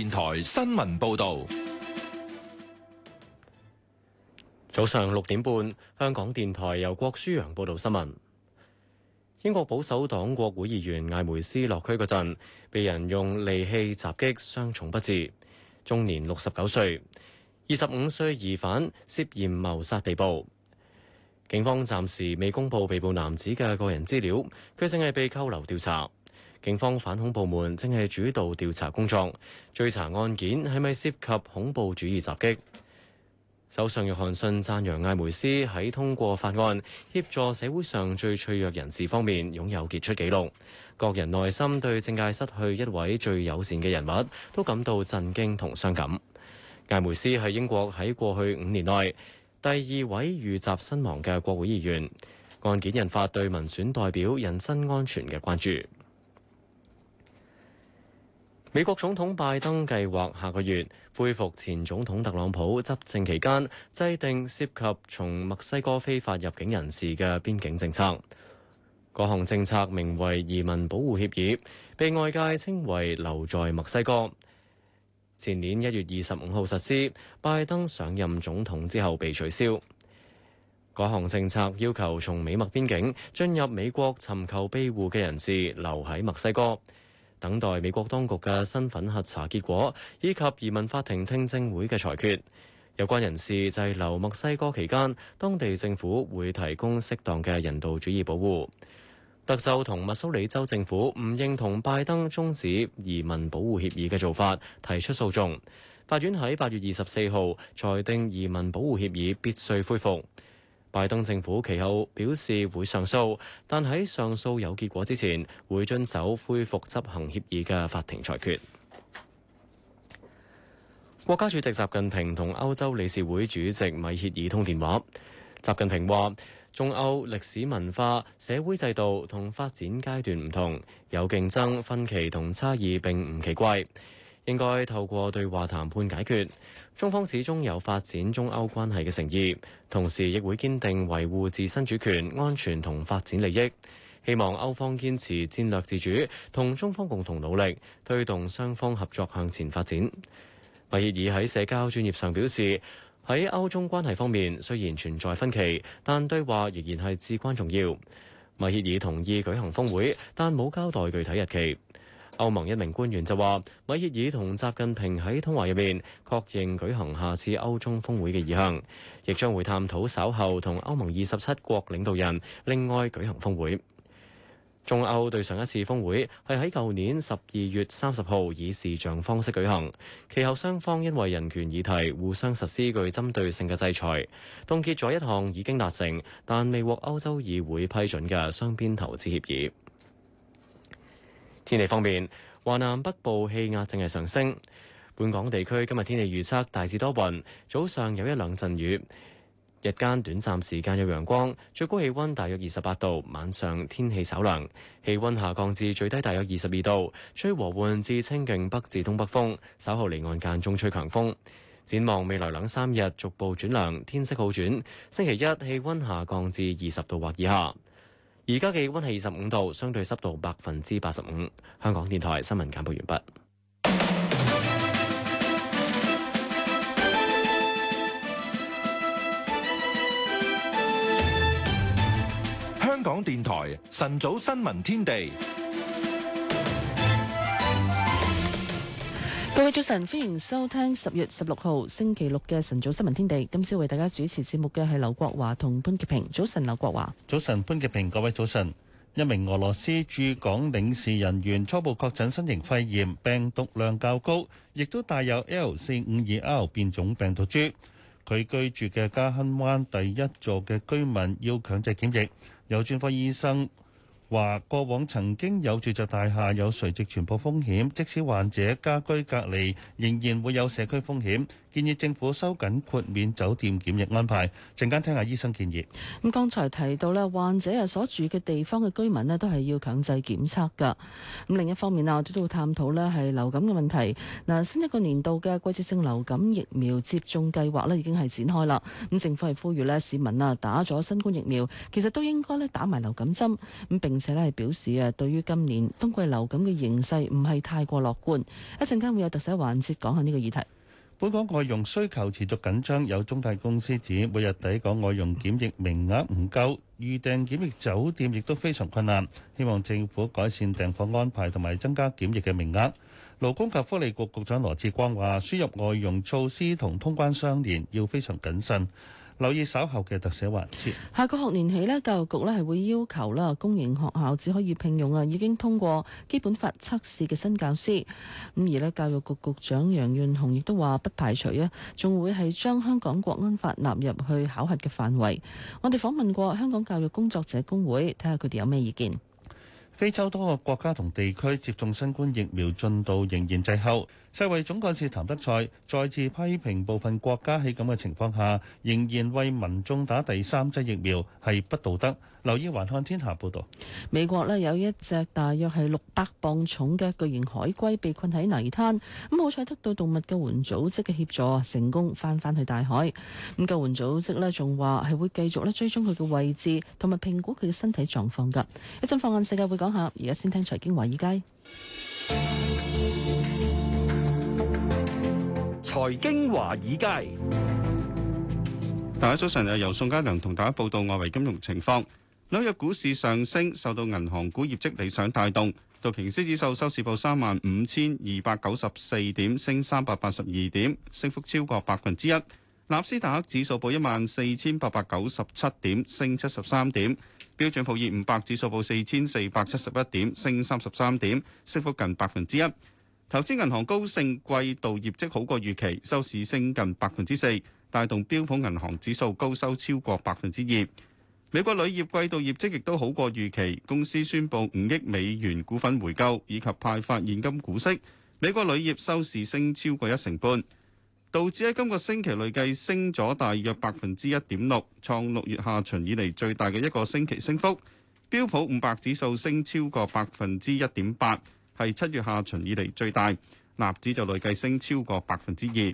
電台新聞報道：早上六點半，香港電台由郭舒揚報道新聞。英國保守黨國會議員艾梅斯落區嗰陣被人用利器襲擊，傷重不治，終年六十九歲。二十五歲疑犯涉嫌謀殺被捕，警方暫時未公布被捕男子嘅個人資料，佢淨係被扣留調查。警方反恐部門正係主導調查工作，追查案件係咪涉及恐怖主義襲擊。首相約翰遜讚揚艾梅斯喺通過法案協助社會上最脆弱人士方面擁有傑出紀錄。各人內心對政界失去一位最友善嘅人物都感到震驚同傷感。艾梅斯係英國喺過去五年內第二位遇襲身亡嘅國會議員。案件引發對民選代表人身安全嘅關注。美國總統拜登計劃下個月恢復前總統特朗普執政期間制定涉及從墨西哥非法入境人士嘅邊境政策。嗰項政策名為移民保護協議，被外界稱為留在墨西哥。前年一月二十五號實施，拜登上任總統之後被取消。嗰項政策要求從美墨邊境進入美國尋求庇護嘅人士留喺墨西哥。等待美國當局嘅身份核查結果，以及移民法庭聽證會嘅裁決。有關人士滯留墨西哥期間，當地政府會提供適當嘅人道主義保護。德州同密蘇里州政府唔認同拜登終止移民保護協議嘅做法，提出訴訟。法院喺八月二十四號裁定移民保護協議必須恢復。拜登政府其後表示會上訴，但喺上訴有結果之前，會遵守恢復執行協議嘅法庭裁決。國家主席習近平同歐洲理事會主席米歇爾通電話。習近平話：中歐歷史文化、社會制度同發展階段唔同，有競爭、分歧同差異並唔奇怪。應該透過對話談判解決。中方始終有發展中歐關係嘅誠意，同時亦會堅定維護自身主權、安全同發展利益。希望歐方堅持戰略自主，同中方共同努力，推動雙方合作向前發展。米歇爾喺社交專業上表示，喺歐中關係方面雖然存在分歧，但對話仍然係至關重要。米歇爾同意舉行峰會，但冇交代具體日期。歐盟一名官員就話：米歇爾同習近平喺通話入面確認舉行下次歐中峰會嘅意向，亦將會探討稍後同歐盟二十七國領導人另外舉行峰會。中歐對上一次峰會係喺舊年十二月三十號以視像方式舉行，其後雙方因為人權議題互相實施具針對性嘅制裁，凍結咗一項已經達成但未獲歐洲議會批准嘅雙邊投資協議。天氣方面，華南北部氣壓正係上升。本港地區今日天氣預測大致多雲，早上有一兩陣雨，日間短暫時間有陽光，最高氣溫大約二十八度，晚上天氣稍涼，氣溫下降至最低大約二十二度，吹和緩至清勁北至東北風，稍後離岸間中吹強風。展望未來兩三日逐步轉涼，天色好轉，星期一氣溫下降至二十度或以下。而家嘅氣溫係二十五度，相對濕度百分之八十五。香港電台新聞簡報完畢。香港電台晨早新聞天地。各位早晨，歡迎收聽十月十六號星期六嘅晨早新聞天地。今朝為大家主持節目嘅係劉國華同潘潔平。早晨，劉國華。早晨，潘潔平。各位早晨。一名俄羅斯駐港領事人員初步確診新型肺炎病毒量較高，亦都帶有 L 四五二 R 變種病毒株。佢居住嘅嘉亨灣第一座嘅居民要強制檢疫。有專科醫生。話過往曾經有住宅大廈有垂直傳播風險，即使患者家居隔離，仍然會有社區風險。建議政府收緊豁免酒店檢疫安排。陣間聽下醫生建議。咁剛才提到呢，患者啊所住嘅地方嘅居民呢都係要強制檢測㗎。咁另一方面啊，我哋都會探討呢係流感嘅問題。嗱，新一個年度嘅季節性流感疫苗接種計劃呢已經係展開啦。咁政府係呼籲呢，市民啊打咗新冠疫苗，其實都應該呢打埋流感針咁並。而且咧係表示啊，對於今年冬季流感嘅形勢唔係太過樂觀。一陣間會有特寫環節講下呢個議題。本港外傭需求持續緊張，有中介公司指每日抵港外傭檢疫名額唔夠，預訂檢疫酒店亦都非常困難，希望政府改善訂房安排同埋增加檢疫嘅名額。勞工及福利局局,局長羅志光話輸入外傭措施同通關相連要非常謹慎。留意稍後嘅特寫環節。下個學年起咧，教育局咧係會要求咧公營學校只可以聘用啊已經通過基本法測試嘅新教師。咁而咧，教育局局長楊潤雄亦都話不排除啊，仲會係將香港國安法納入去考核嘅範圍。我哋訪問過香港教育工作者公會，睇下佢哋有咩意見。非洲多個國家同地區接種新冠疫苗進度仍然滯後。世衛總幹事譚德塞再次批評部分國家喺咁嘅情況下，仍然為民眾打第三劑疫苗係不道德。留意環看天下報道。美國咧有一隻大約係六百磅重嘅巨型海龜被困喺泥灘，咁好彩得到動物救援組織嘅協助，成功翻翻去大海。咁救援組織咧仲話係會繼續咧追蹤佢嘅位置，同埋評估佢嘅身體狀況噶一陣放眼世界會講。而家先聽財經華爾街。財經華爾街，大家早晨。由宋嘉良同大家報道外圍金融情況。紐約股市上升，受到銀行股業績理想帶動。道瓊斯指數收市報三萬五千二百九十四點，升三百八十二點，升幅超過百分之一。納斯達克指數報一萬四千八百九十七點，升七十三點；標準普爾五百指數報四千四百七十一點，升三十三點，升幅近百分之一。投資銀行高盛季度業績好過預期，收市升近百分之四，帶動標普銀行指數高收超過百分之二。美國鋁業季度業績亦都好過預期，公司宣布五億美元股份回購以及派發現金股息，美國鋁業收市升超過一成半。道指喺今個星期累計升咗大約百分之一點六，創六月下旬以嚟最大嘅一個星期升幅。標普五百指數升超過百分之一點八，係七月下旬以嚟最大。納指就累計升超過百分之二。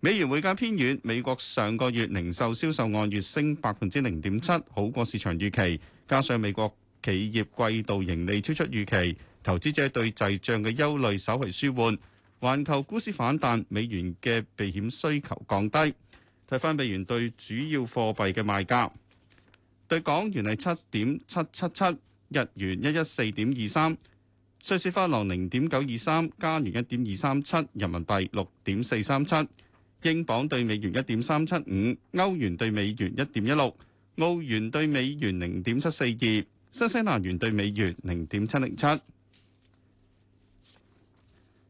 美元匯價偏軟，美國上個月零售銷售按月升百分之零點七，好過市場預期。加上美國企業季度盈利超出預期，投資者對滯脹嘅憂慮稍為舒緩。環球股市反彈，美元嘅避險需求降低。睇返美元對主要貨幣嘅賣價，對港元係七點七七七，日元一一四點二三，瑞士法郎零點九二三，加元一點二三七，人民幣六點四三七，英鎊對美元一點三七五，歐元對美元一點一六，澳元對美元零點七四二，新西蘭元對美元零點七零七。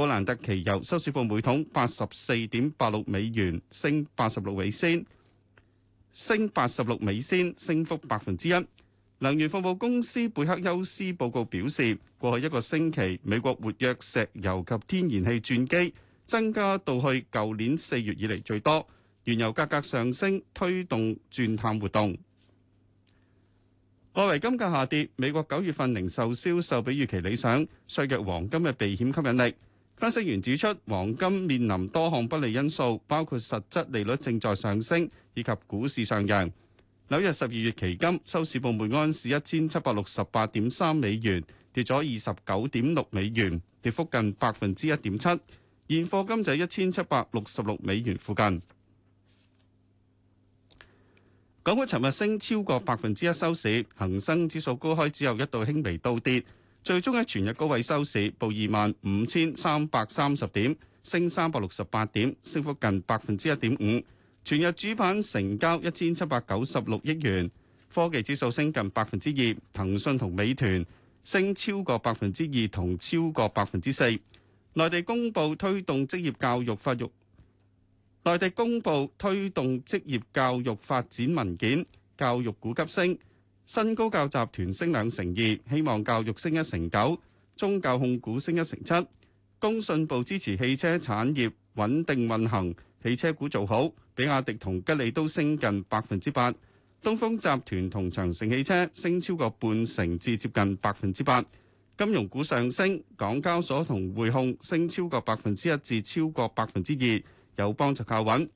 布蘭特期油收市報每桶八十四點八六美元，升八十六美仙，升八十六美仙，升幅百分之一。能源服務公司貝克休斯報告表示，過去一個星期美國活躍石油及天然氣鑽機增加到去舊年四月以嚟最多，原油價格上升推動鑽探活動。外圍金價下跌，美國九月份零售銷售比預期理想，削弱黃金嘅避險吸引力。分析員指出，黃金面臨多項不利因素，包括實質利率正在上升以及股市上揚。紐約十二月期金收市報每安士一千七百六十八點三美元，跌咗二十九點六美元，跌幅近百分之一點七。現貨金就一千七百六十六美元附近。港股尋日升超過百分之一收市，恒生指數高開之後一度輕微倒跌。最終喺全日高位收市，報二萬五千三百三十點，升三百六十八點，升幅近百分之一點五。全日主板成交一千七百九十六億元，科技指數升近百分之二，騰訊同美團升超過百分之二同超過百分之四。內地公布推動職業教育發育，內地公布推動職業教育發展文件，教育股急升。新高教集團升兩成二，希望教育升一成九，中教控股升一成七。工信部支持汽車產業穩定運行，汽車股做好，比亞迪同吉利都升近百分之八。東風集團同長城汽車升超過半成至接近百分之八。金融股上升，港交所同匯控升超過百分之一至超過百分之二，友邦就靠穩。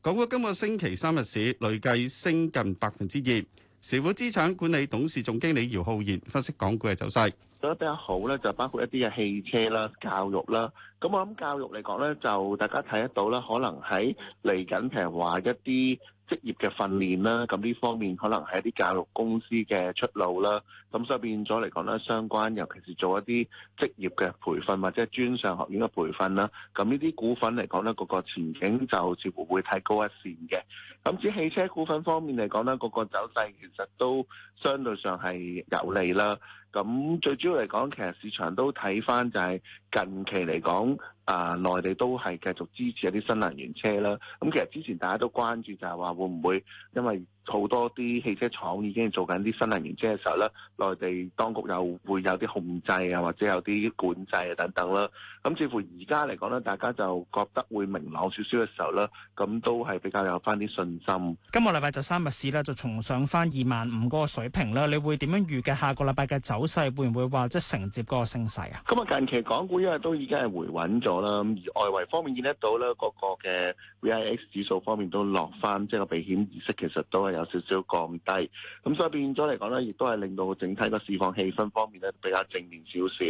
港股今個星期三日市累計升近百分之二。財富資產管理董事總經理姚浩然分析港股嘅走勢，做得比較好咧，就包括一啲嘅汽車啦、教育啦。咁我諗教育嚟講咧，就大家睇得到啦，可能喺嚟緊譬如話一啲。職業嘅訓練啦，咁呢方面可能係一啲教育公司嘅出路啦，咁所以變咗嚟講咧，相關尤其是做一啲職業嘅培訓或者專上學院嘅培訓啦，咁呢啲股份嚟講咧，個個前景就似乎唔會太高一線嘅。咁至於汽車股份方面嚟講咧，個個走勢其實都相對上係有利啦。咁最主要嚟講，其實市場都睇返就係近期嚟講、呃，啊內地都係繼續支持一啲新能源車啦。咁其實之前大家都關注就係話會唔會因為好多啲汽車廠已經做緊啲新能源車嘅時候咧，內地當局又會有啲控制啊，或者有啲管制啊等等啦。咁似乎而家嚟講咧，大家就覺得會明朗少少嘅時候咧，咁都係比較有翻啲信心。今個禮拜就三日市咧，就重上翻二萬五嗰個水平咧。你會點樣預計下個禮拜嘅走勢會唔會話即係承接嗰個升勢啊？咁啊，近期港股因為都已經係回穩咗啦，咁而外圍方面見得到咧，嗰個嘅 VIX 指數方面都落翻，即係個避險意識其實都有少少降低，咁所以變咗嚟講咧，亦都係令到整體個市況氣氛方面咧，比較正面少少。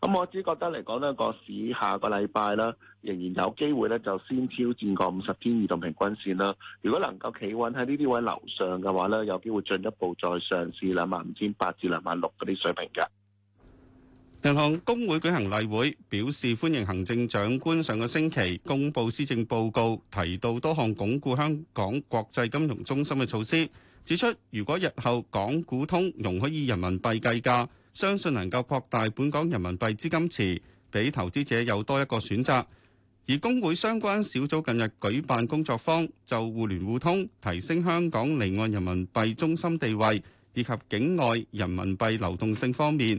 咁我只覺得嚟講呢個市下個禮拜咧仍然有機會咧就先挑戰個五十天移動平均線啦。如果能夠企穩喺呢啲位樓上嘅話咧，有機會進一步再上市兩萬五千八至兩萬六嗰啲水平嘅。銀行公會舉行例會，表示歡迎行政長官上個星期公布施政報告，提到多項鞏固香港國際金融中心嘅措施。指出如果日後港股通容許以人民幣計價，相信能夠擴大本港人民幣資金池，俾投資者有多一個選擇。而公會相關小組近日舉辦工作坊，就互聯互通、提升香港離岸人民幣中心地位以及境外人民幣流動性方面，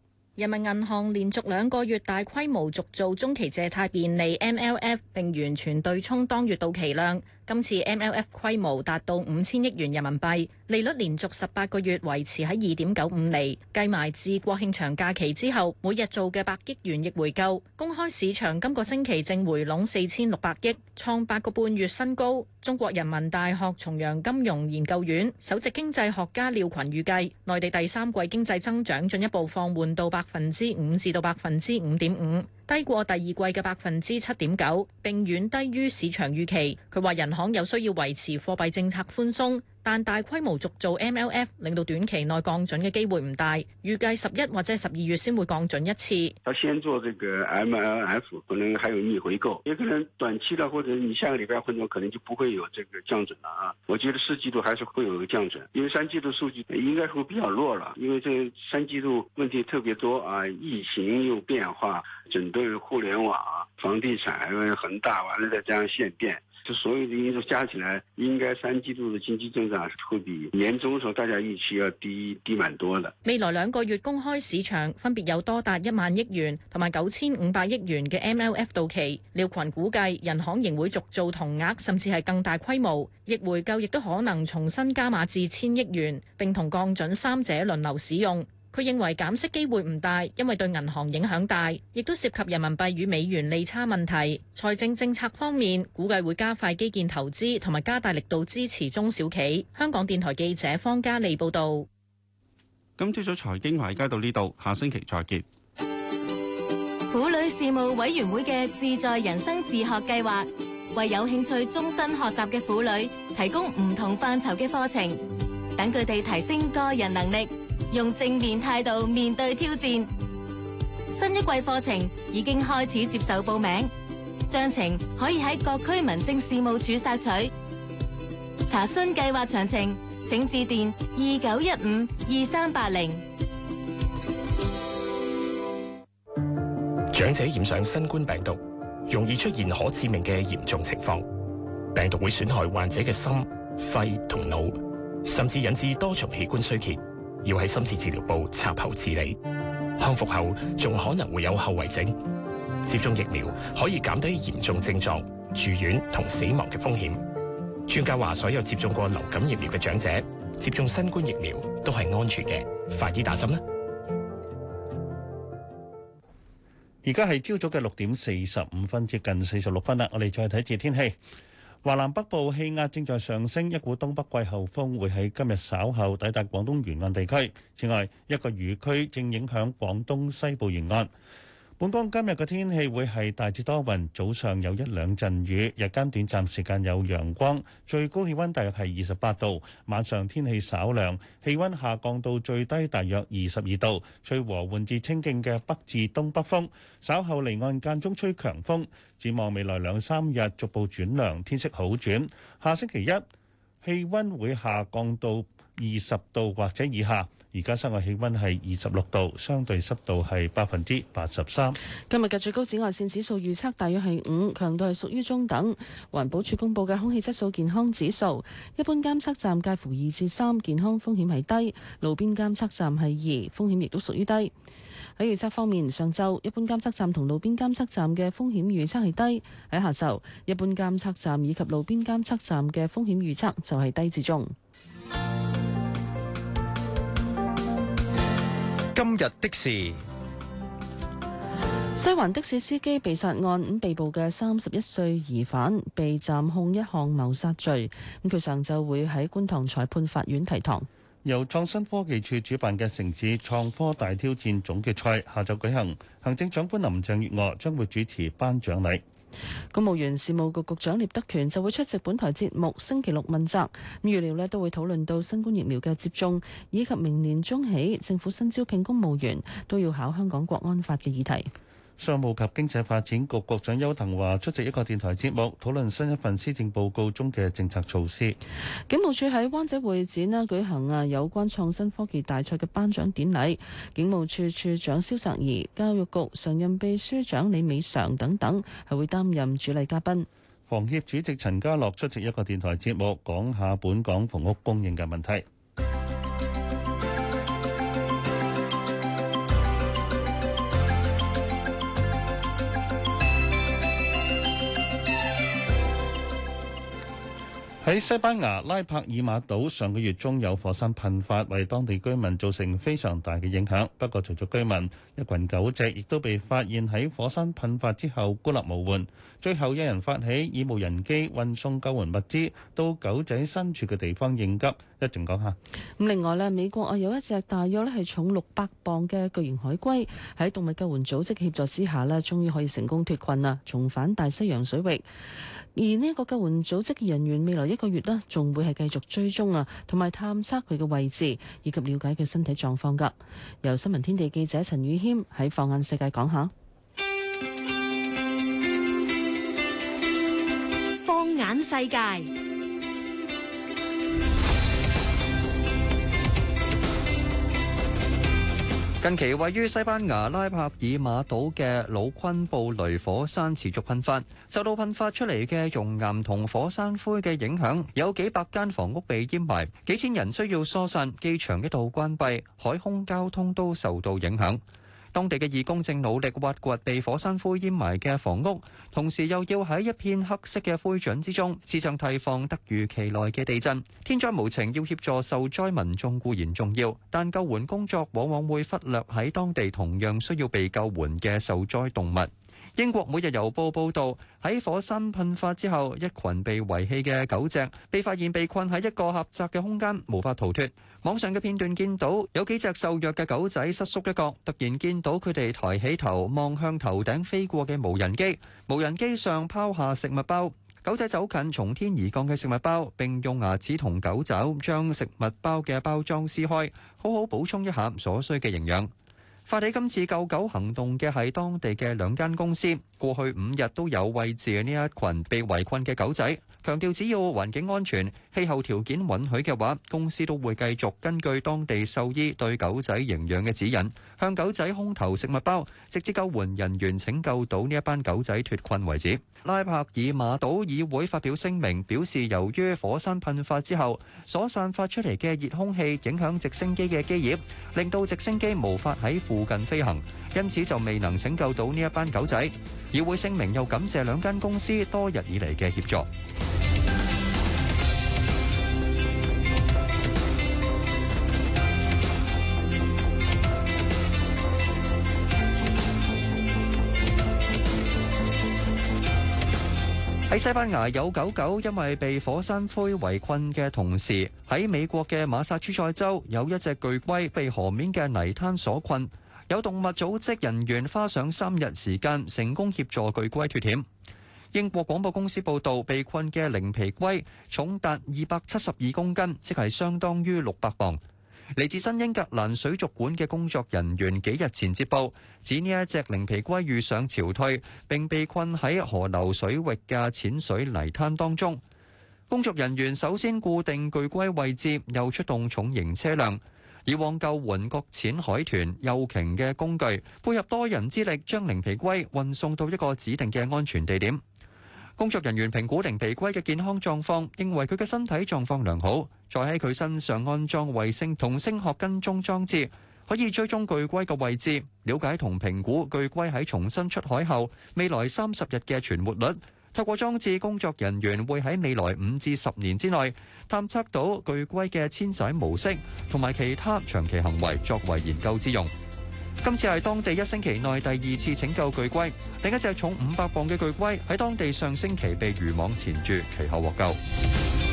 人民銀行連續兩個月大規模續做中期借貸便利 （MLF），並完全對沖當月到期量。今次 MLF 規模達到五千億元人民幣，利率連續十八個月維持喺二點九五厘。計埋至國慶長假期之後，每日做嘅百億元逆回購，公開市場今個星期淨回籠四千六百億，創八個半月新高。中國人民大學重陽金融研究院首席經濟學家廖群預計，內地第三季經濟增長進一步放緩到百分之五至到百分之五點五。低過第二季嘅百分之七點九，並遠低於市場預期。佢話：人行有需要維持貨幣政策寬鬆。但大規模續做 MLF 令到短期內降準嘅機會唔大，預計十一或者係十二月先會降準一次。佢先做這個 MLF，可能還有逆回購。也可能短期的或者你下個禮拜或者可能就不會有這個降準了啊，我覺得四季度還是會有一個降準，因為三季度數據應該會比較弱了，因為這三季度問題特別多啊，疫情又變化，整頓互聯網。房地產，因為恒大，完了再加上限電，就所有的因素加起來，應該三季度的經濟增長會比年終時候大家預期要低低蠻多啦。未來兩個月公開市場分別有多達一萬億元同埋九千五百億元嘅 MLF 到期，廖群估計人行仍會續做同額，甚至係更大規模，逆回購亦都可能重新加碼至千億元，並同降準三者輪流使用。佢認為減息機會唔大，因為對銀行影響大，亦都涉及人民幣與美元利差問題。財政政策方面，估計會加快基建投資，同埋加大力度支持中小企。香港電台記者方嘉利報道。今朝早財經話題到呢度，下星期再見。婦女事務委員會嘅自在人生自學計劃，為有興趣終身學習嘅婦女提供唔同範疇嘅課程，等佢哋提升個人能力。用正面態度面對挑戰。新一季課程已經開始接受報名，詳情可以喺各區民政事務處索取。查詢計劃詳情，請致電二九一五二三八零。長者染上新冠病毒，容易出現可致命嘅嚴重情況。病毒會損害患者嘅心、肺同腦，甚至引致多重器官衰竭。要喺深切治療部插喉治理，康復後仲可能會有後遺症。接種疫苗可以減低嚴重症狀、住院同死亡嘅風險。專家話，所有接種過流感疫苗嘅長者接種新冠疫苗都係安全嘅。快啲打針啦，而家係朝早嘅六點四十五分，接近四十六分啦。我哋再睇住天氣。華南北部氣壓正在上升，一股東北季候風會喺今日稍後抵達廣東沿岸地區。此外，一個雨區正影響廣東西部沿岸。本港今日嘅天氣會係大致多雲，早上有一兩陣雨，日間短暫時間有陽光，最高氣溫大約係二十八度，晚上天氣稍涼，氣溫下降到最低大約二十二度。吹和緩至清勁嘅北至東北風，稍後離岸間中吹強風。展望未來兩三日逐步轉涼，天色好轉。下星期一氣温會下降到二十度或者以下。而家室外氣温係二十六度，相對濕度係百分之八十三。今日嘅最高紫外線指數預測大約係五，強度係屬於中等。環保署公布嘅空氣質素健康指數，一般監測站介乎二至三，健康風險係低；路邊監測站係二，風險亦都屬於低。喺預測方面，上晝一般監測站同路邊監測站嘅風險預測係低；喺下晝，一般監測站以及路邊監測站嘅風險預測就係低至中。今日的士西環的士司機被殺案。咁被捕嘅三十一歲疑犯被暫控一項謀殺罪，咁佢上晝會喺觀塘裁判法院提堂。由創新科技署主辦嘅城市創科大挑戰總決賽下晝舉行，行政長官林鄭月娥將會主持頒獎禮。公務員事務局局長聶德權就會出席本台節目星期六問責。咁預料呢，都會討論到新冠疫苗嘅接種，以及明年中起政府新招聘公務員都要考香港國安法嘅議題。商務及經濟發展局局長邱騰華出席一個電台節目，討論新一份施政報告中嘅政策措施。警務處喺灣仔會展啦舉行啊有關創新科技大賽嘅頒獎典禮，警務處處長蕭澤頤、教育局常任秘書長李美嫦等等係會擔任主禮嘉賓。房協主席陳家樂出席一個電台節目，講下本港房屋供應嘅問題。喺西班牙拉帕爾馬島上個月中有火山噴發，為當地居民造成非常大嘅影響。不過，除咗居民，一羣狗隻亦都被發現喺火山噴發之後孤立無援。最後，一人發起以無人機運送救援物資到狗仔身處嘅地方應急。一陣講下。另外咧，美國啊有一隻大約咧係重六百磅嘅巨型海龜喺動物救援組織協助之下咧，終於可以成功脫困喇，重返大西洋水域。而呢個救援組織嘅人員，未來一個月呢，仲會係繼續追蹤啊，同埋探測佢嘅位置，以及了解佢身體狀況噶。由新聞天地記者陳宇謙喺放眼世界講下。放眼世界。近期位於西班牙拉帕爾馬島嘅老昆布雷火山持續噴發，受到噴發出嚟嘅熔岩同火山灰嘅影響，有幾百間房屋被淹埋，幾千人需要疏散，機場一度關閉，海空交通都受到影響。當地嘅義工正努力挖掘被火山灰掩埋嘅房屋，同時又要喺一片黑色嘅灰燼之中，試著提防突如其來嘅地震。天災無情，要協助受災民眾固然重要，但救援工作往往會忽略喺當地同樣需要被救援嘅受災動物。英國每日郵報報導，喺火山噴發之後，一群被遺棄嘅狗隻被發現被困喺一個狹窄嘅空間，無法逃脱。網上嘅片段見到有幾隻瘦弱嘅狗仔瑟縮一角，突然見到佢哋抬起頭望向頭頂飛過嘅無人機，無人機上拋下食物包，狗仔走近從天而降嘅食物包，並用牙齒同狗爪將食物包嘅包裝撕開，好好補充一下所需嘅營養。發起今次救狗行動嘅係當地嘅兩間公司。過去五日都有餵飼呢一羣被圍困嘅狗仔，強調只要環境安全，氣候條件允許嘅話，公司都會繼續根據當地獸醫對狗仔營養嘅指引，向狗仔空投食物包，直至救援人員拯救到呢一班狗仔脱困為止。拉柏爾馬島議會發表聲明表示，由於火山噴發之後所散發出嚟嘅熱空氣影響直升機嘅機翼，令到直升機無法喺附近飛行。因此就未能拯救到呢一班狗仔，議會聲明又感謝兩間公司多日以嚟嘅協助。喺西班牙有狗狗因為被火山灰圍困嘅同時，喺美國嘅馬薩諸塞州有一隻巨龜被河面嘅泥灘所困。有動物組織人員花上三日時間，成功協助巨龜脫險。英國廣播公司報導，被困嘅棱皮龜重達二百七十二公斤，即係相當於六百磅。嚟自新英格蘭水族館嘅工作人員幾日前接報，指呢一隻棱皮龜遇上潮退，並被困喺河流水域嘅淺水泥灘當中。工作人員首先固定巨龜位置，又出動重型車輛。以往救援擱淺海豚、幼鯨嘅工具，配合多人之力，將棱皮龜運送到一個指定嘅安全地點。工作人員評估棱皮龜嘅健康狀況，認為佢嘅身體狀況良好，再喺佢身上安裝衛星同聲學跟蹤裝置，可以追蹤巨龜嘅位置，了解同評估巨龜喺重新出海後未來三十日嘅存活率。透過裝置，工作人員會喺未來五至十年之內探測到巨龜嘅遷徙模式同埋其他長期行為，作為研究之用。今次係當地一星期內第二次拯救巨龜，另一隻重五百磅嘅巨龜喺當地上星期被漁網纏住，其後獲救。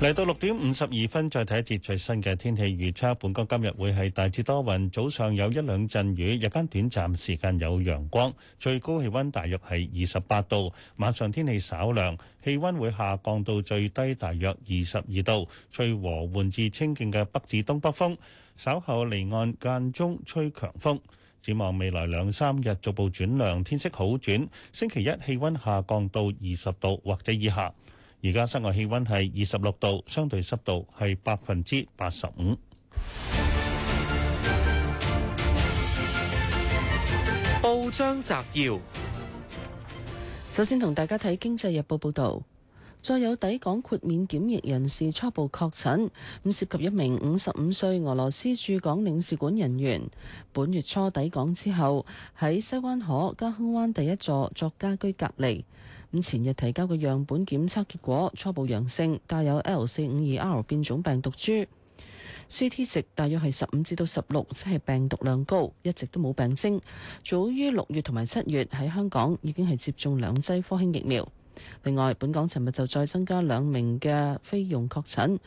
嚟到六點五十二分，再睇一節最新嘅天氣預測。本港今日會係大致多雲，早上有一兩陣雨，日間短暫時間有陽光，最高氣溫大約係二十八度。晚上天氣稍涼，氣溫會下降到最低大約二十二度。吹和緩至清勁嘅北至東北風，稍後離岸間中吹強風。展望未來兩三日逐步轉涼，天色好轉。星期一氣溫下降到二十度或者以下。而家室外氣溫係二十六度，相對濕度係百分之八十五。報章摘要：首先同大家睇《經濟日報》報導，再有抵港豁免檢疫人士初步確診，咁涉及一名五十五歲俄羅斯駐港領事館人員，本月初抵港之後喺西灣河嘉亨灣第一座作家居隔離。咁前日提交嘅樣本檢測結果初步陽性，帶有 L 四五二 R 變種病毒株，CT 值大約係十五至到十六，即係病毒量高，一直都冇病徵。早於六月同埋七月喺香港已經係接種兩劑科興疫苗。另外，本港尋日就再增加兩名嘅菲傭確診。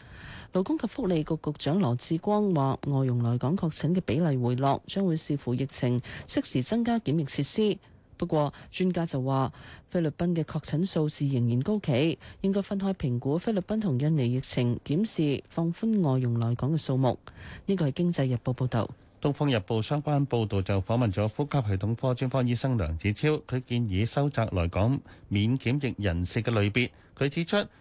勞工及福利局局，局長羅致光話：外傭來港確診嘅比例回落，將會視乎疫情，適時增加檢疫設施。不過，專家就話菲律賓嘅確診數字仍然高企，應該分開評估菲律賓同印尼疫情檢視，放寬外傭來港嘅數目。呢個係《經濟日報》報導。《東方日報》相關報導就訪問咗呼吸系統科專科醫生梁子超，佢建議收窄來港免檢疫人士嘅類別。佢指出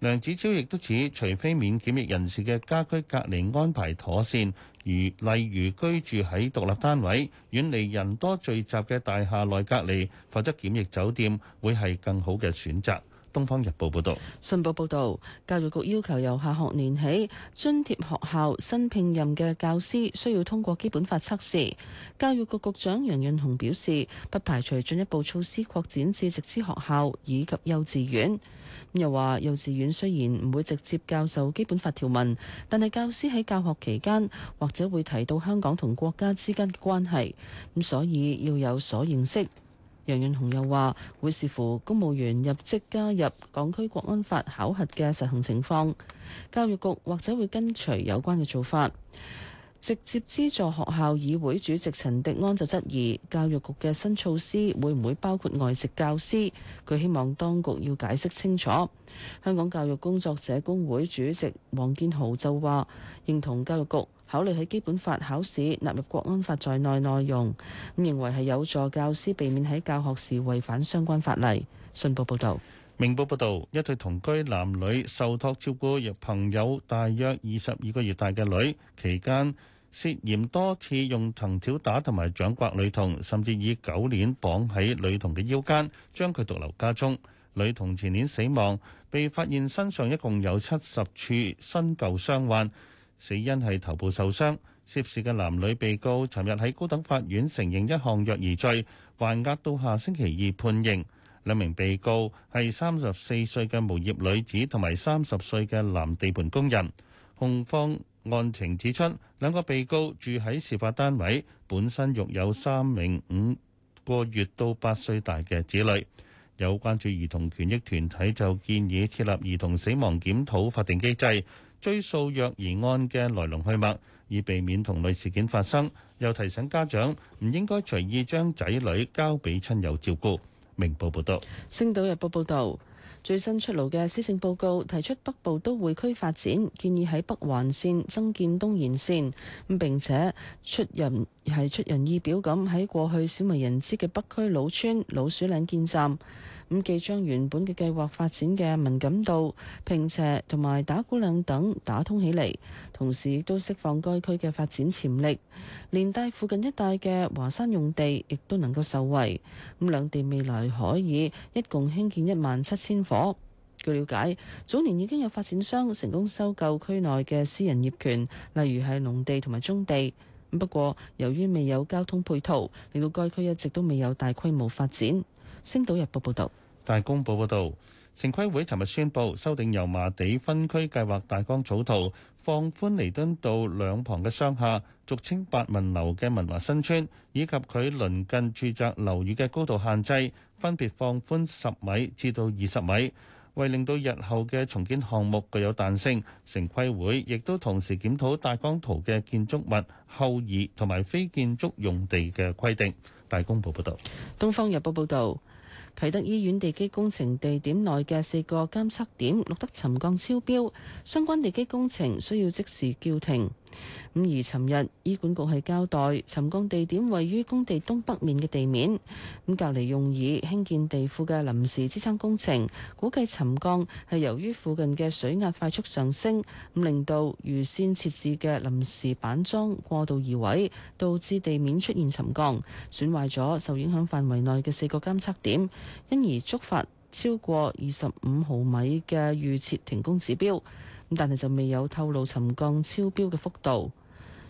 梁子超亦都指，除非免檢疫人士嘅家居隔離安排妥善，如例如居住喺獨立單位、遠離人多聚集嘅大廈內隔離，否則檢疫酒店會係更好嘅選擇。東方日報報道，信報報道，教育局要求由下學年起，津貼學校新聘任嘅教師需要通過基本法測試，教育局局長楊潤雄表示，不排除進一步措施擴展至直資學校以及幼稚園。又話幼稚園雖然唔會直接教授基本法條文，但係教師喺教學期間或者會提到香港同國家之間嘅關係，咁所以要有所認識。楊潤雄又話會視乎公務員入職加入港區國安法考核嘅實行情況，教育局或者會跟隨有關嘅做法。直接資助學校議會主席陳迪安就質疑教育局嘅新措施會唔會包括外籍教師？佢希望當局要解釋清楚。香港教育工作者工會主席王建豪就話：認同教育局考慮喺基本法考試納入國安法在內內容，咁認為係有助教師避免喺教學時違反相關法例。信報報導，明報報導，一對同居男女受託照顧約朋友，大約二十二個月大嘅女期間。涉嫌多次用藤條打同埋掌摑女童，甚至以狗鏈綁喺女童嘅腰間，將佢獨留家中。女童前年死亡，被發現身上一共有七十處新舊傷患，死因係頭部受傷。涉事嘅男女被告尋日喺高等法院承認一項虐兒罪，還押到下星期二判刑。兩名被告係三十四歲嘅無業女子同埋三十歲嘅男地盤工人。控方。案情指出，兩個被告住喺事發單位，本身育有三名五個月到八歲大嘅子女。有關注兒童權益團體就建議設立兒童死亡檢討法定機制，追溯虐兒案嘅來龍去脈，以避免同類事件發生。又提醒家長唔應該隨意將仔女交俾親友照顧。明報報道。《星島日報》報道。最新出爐嘅施政報告提出北部都會區發展建議，喺北環線增建東延線，咁並且出人係出人意表咁喺過去鮮為人知嘅北區老村老鼠嶺建站。咁既將原本嘅計劃發展嘅文錦渡、坪輋同埋打鼓嶺等打通起嚟，同時亦都釋放該區嘅發展潛力，連帶附近一帶嘅華山用地亦都能夠受惠。咁兩地未來可以一共興建一萬七千伙。據了解，早年已經有發展商成功收購區內嘅私人業權，例如係農地同埋棕地。不過由於未有交通配套，令到該區一直都未有大規模發展。星島日報報導，大公報報導，城規會尋日宣佈修訂油麻地分區計劃大綱草圖，放寬彌敦道兩旁嘅商廈，俗稱八文樓嘅文華新村以及佢鄰近住宅樓宇嘅高度限制，分別放寬十米至到二十米，為令到日後嘅重建項目具有彈性，城規會亦都同時檢討大綱圖嘅建築物後移同埋非建築用地嘅規定。大公報報導，東方日報報導。啟德醫院地基工程地點內嘅四個監測點錄得沉降超標，相關地基工程需要即時叫停。咁而尋日，醫管局係交代沉降地點位於工地東北面嘅地面，咁隔離用以興建地庫嘅臨時支撐工程。估計沉降係由於附近嘅水壓快速上升，咁令到預先設置嘅臨時板樁過度移位，導致地面出現沉降，損壞咗受影響範圍內嘅四個監測點，因而觸發超過二十五毫米嘅預設停工指標。但係就未有透露沉降超標嘅幅度。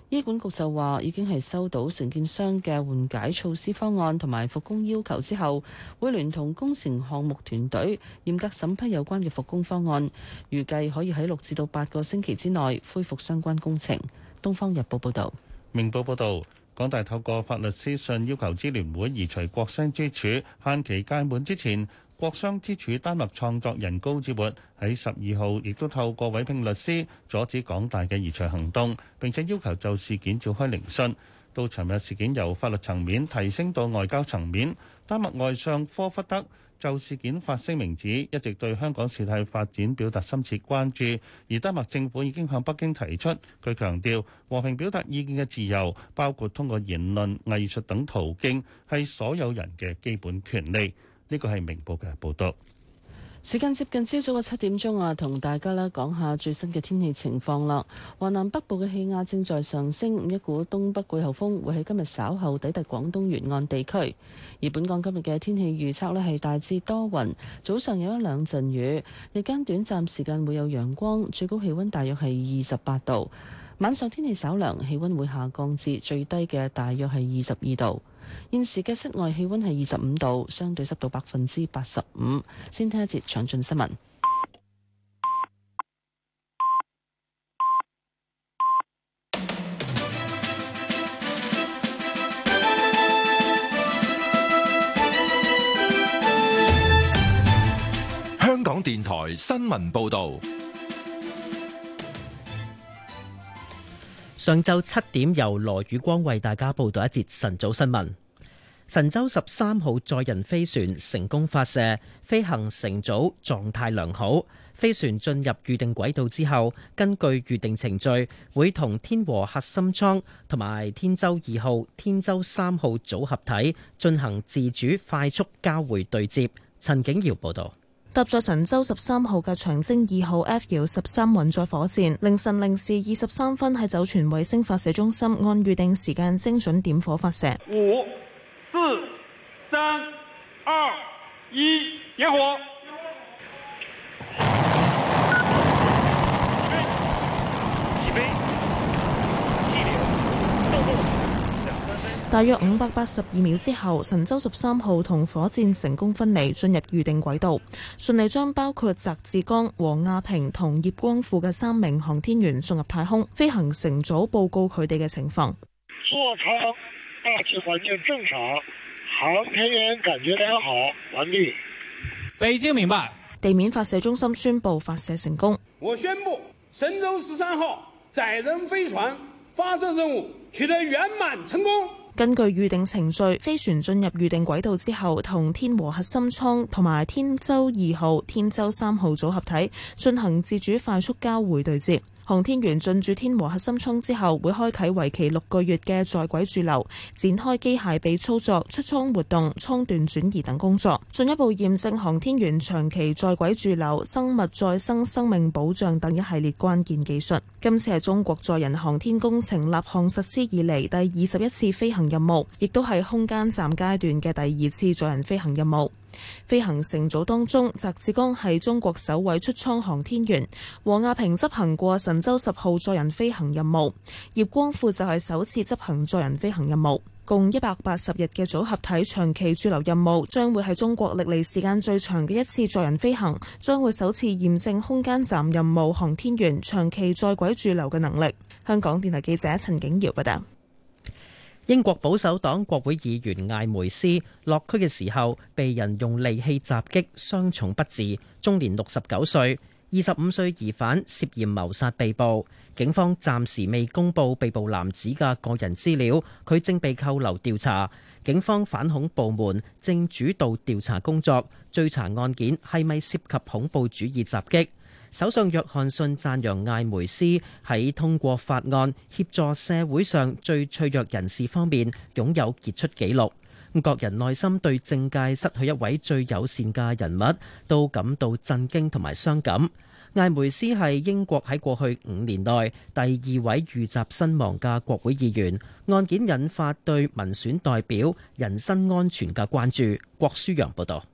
醫管局就話已經係收到承建商嘅緩解措施方案同埋復工要求之後，會聯同工程項目團隊嚴格審批有關嘅復工方案，預計可以喺六至到八個星期之內恢復相關工程。《東方日報》報道。《明報》報道，港大透過法律書信要求支聯會移除國殤之柱，限期屆滿之前。國殤之柱，丹麥創作人高志活喺十二號亦都透過委聘律師阻止港大嘅移除行動，並且要求就事件召開聆訊。到尋日事件由法律層面提升到外交層面，丹麥外相科福德就事件發聲明指，一直對香港事態發展表達深切關注。而丹麥政府已經向北京提出，佢強調和平表達意見嘅自由，包括通過言論、藝術等途徑，係所有人嘅基本權利。呢個係明報嘅報道。時間接近朝早嘅七點鐘啊，同大家咧講下最新嘅天氣情況啦。華南北部嘅氣壓正在上升，一股東北季候風會喺今日稍後抵達廣東沿岸地區。而本港今日嘅天氣預測呢係大致多雲，早上有一兩陣雨，日間短暫時間會有陽光，最高氣温大約係二十八度。晚上天氣稍涼，氣温會下降至最低嘅大約係二十二度。現時嘅室外氣溫係二十五度，相對濕度百分之八十五。先聽一節詳盡新聞。香港電台新聞報道。上晝七點，由羅宇光為大家報道一節晨早新聞。神舟十三號載人飛船成功發射，飛行乘組狀態良好。飛船進入預定軌道之後，根據預定程序，會同天和核心艙同埋天舟二號、天舟三號組合體進行自主快速交會對接。陳景瑤報道。搭載神舟十三號嘅長征二號 F 遙十三運載火箭，凌晨零時二十三分喺酒泉衛星發射中心按預定時間精準點火發射。五、四、三、二、一，點火！點火大約五百八十二秒之後，神舟十三號同火箭成功分離，進入預定軌道，順利將包括翟志剛、王亞平同葉光富嘅三名航天員送入太空，飛行乘組報告佢哋嘅情況。座艙大氣環境正常，航天員感覺良好，完畢。北京明白，地面發射中心宣布發射成功。我宣布，神舟十三號載人飛船發射任務取得圓滿成功。根據預定程序，飛船進入預定軌道之後，同天和核心艙同埋天舟二號、天舟三號組合體進行自主快速交會對接。航天員進駐天和核心艙之後，會開啟為期六個月嘅在軌駐留，展開機械臂操作、出艙活動、艙段轉移等工作，進一步驗證航天員長期在軌駐留、生物再生、生命保障等一系列關鍵技術。今次係中國載人航天工程立項實施以嚟第二十一次飛行任務，亦都係空間站階段嘅第二次載人飛行任務。飛行乘組當中，翟志剛係中國首位出艙航天員，王亞平執行過神舟十號載人飛行任務，葉光富就係首次執行載人飛行任務。共一百八十日嘅組合體長期駐留任務，將會係中國歷嚟時間最長嘅一次載人飛行，將會首次驗證空間站任務航天員長期在軌駐留嘅能力。香港電台記者陳景瑤報道。英國保守黨國會議員艾梅斯落區嘅時候，被人用利器襲擊，傷重不治，終年六十九歲。二十五歲疑犯涉嫌謀殺被捕，警方暫時未公布被捕男子嘅個人資料，佢正被扣留調查。警方反恐部門正主導調查工作，追查案件係咪涉及恐怖主義襲擊。首相約翰遜讚揚艾梅斯喺通過法案協助社會上最脆弱人士方面擁有傑出紀錄。各人內心對政界失去一位最友善嘅人物都感到震驚同埋傷感。艾梅斯係英國喺過去五年內第二位遇襲身亡嘅國會議員，案件引發對民選代表人身安全嘅關注。郭書陽報道。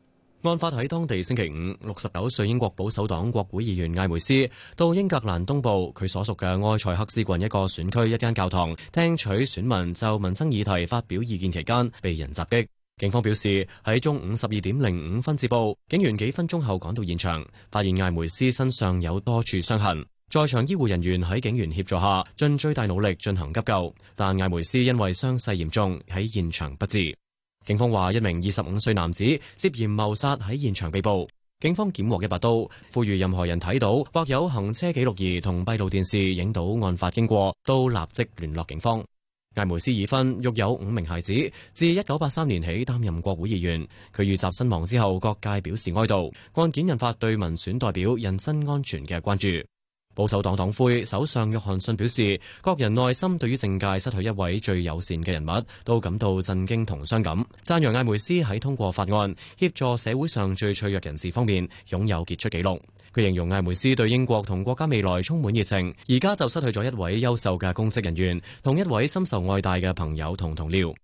案發喺當地星期五，六十九歲英國保守黨國會議員艾梅斯到英格蘭東部佢所屬嘅埃塞克斯郡一個選區一間教堂聽取選民就民生議題發表意見期間，被人襲擊。警方表示喺中午十二點零五分接報，警員幾分鐘後趕到現場，發現艾梅斯身上有多處傷痕。在場醫護人員喺警員協助下盡最大努力進行急救，但艾梅斯因為傷勢嚴重喺現場不治。警方話一名二十五歲男子涉嫌謀殺喺現場被捕，警方檢獲一把刀，呼籲任何人睇到或有行車記錄儀同閉路電視影到案發經過，都立即聯絡警方。艾梅斯已婚育有五名孩子，自一九八三年起擔任國會議員。佢遇襲身亡之後，各界表示哀悼，案件引發對民選代表人身安全嘅關注。保守黨黨魁首相約翰遜表示，各人內心對於政界失去一位最友善嘅人物都感到震驚同傷感，讚揚艾梅斯喺通過法案協助社會上最脆弱人士方面擁有傑出紀錄。佢形容艾梅斯對英國同國家未來充滿熱情，而家就失去咗一位優秀嘅公職人員，同一位深受愛戴嘅朋友同同僚。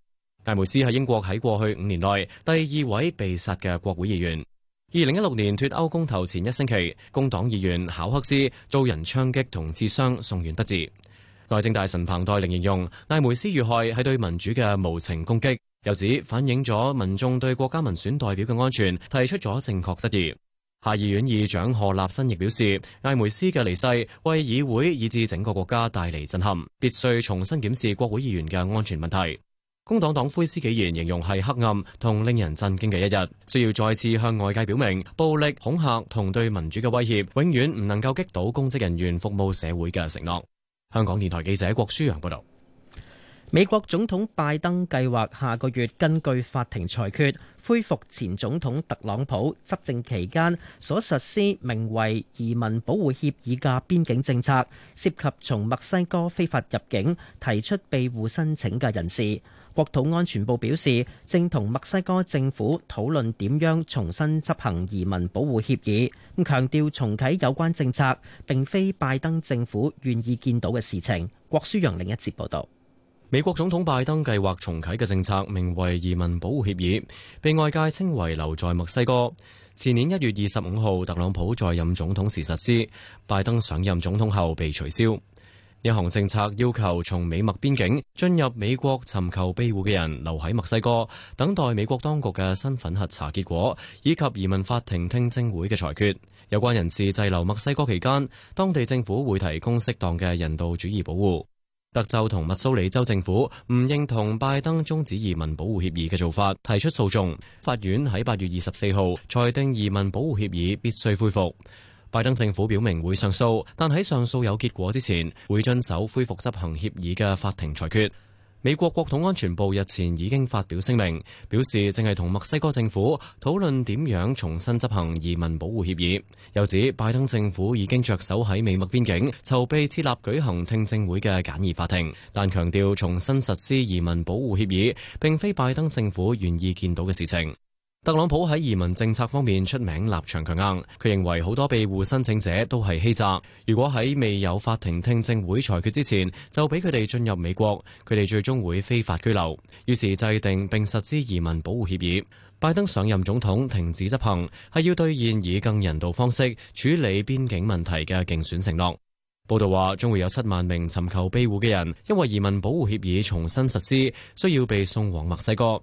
艾梅斯係英國喺過去五年內第二位被殺嘅國會議員。二零一六年脫歐公投前一星期，工黨議員考克斯遭人槍擊同刺傷，送院不治。內政大臣彭黛玲形容艾梅斯遇害係對民主嘅無情攻擊，又指反映咗民眾對國家民選代表嘅安全提出咗正確質疑。下議院議長賀立新亦表示，艾梅斯嘅離世為議會以至整個國家帶嚟震撼，必須重新檢視國會議員嘅安全問題。工黨黨魁施紀賢形容係黑暗同令人震驚嘅一日，需要再次向外界表明，暴力恐嚇同對民主嘅威脅永遠唔能夠擊倒公職人員服務社會嘅承諾。香港電台記者郭舒陽報道。美國總統拜登計劃下個月根據法庭裁決恢復前總統特朗普執政期間所實施名為移民保護協議嘅邊境政策，涉及從墨西哥非法入境提出庇護申請嘅人士。國土安全部表示，正同墨西哥政府討論點樣重新執行移民保護協議，強調重啟有關政策並非拜登政府願意見到嘅事情。郭書陽另一節報道，美國總統拜登計劃重啟嘅政策名為移民保護協議，被外界稱為留在墨西哥。前年一月二十五號，特朗普在任總統時實施，拜登上任總統後被取消。一項政策要求從美墨邊境進入美國尋求庇護嘅人留喺墨西哥等待美國當局嘅身份核查結果，以及移民法庭聽證會嘅裁決。有關人士滯留墨西哥期間，當地政府會提供適當嘅人道主義保護。德州同密蘇里州政府唔認同拜登終止移民保護協議嘅做法，提出訴訟。法院喺八月二十四號裁定移民保護協議必須恢復。拜登政府表明會上訴，但喺上訴有結果之前，會遵守恢復執行協議嘅法庭裁決。美國國土安全部日前已經發表聲明，表示正係同墨西哥政府討論點樣重新執行移民保護協議。又指拜登政府已經着手喺美墨邊境，籌備設立舉行聽證會嘅簡易法庭，但強調重新實施移民保護協議並非拜登政府願意見到嘅事情。特朗普喺移民政策方面出名立場強硬，佢認為好多庇護申請者都係欺詐。如果喺未有法庭聽證會裁決之前就俾佢哋進入美國，佢哋最終會非法居留。於是制定並實施移民保護協議。拜登上任總統，停止執行係要兌現以更人道方式處理邊境問題嘅競選承諾。報道話，將會有七萬名尋求庇護嘅人，因為移民保護協議重新實施，需要被送往墨西哥。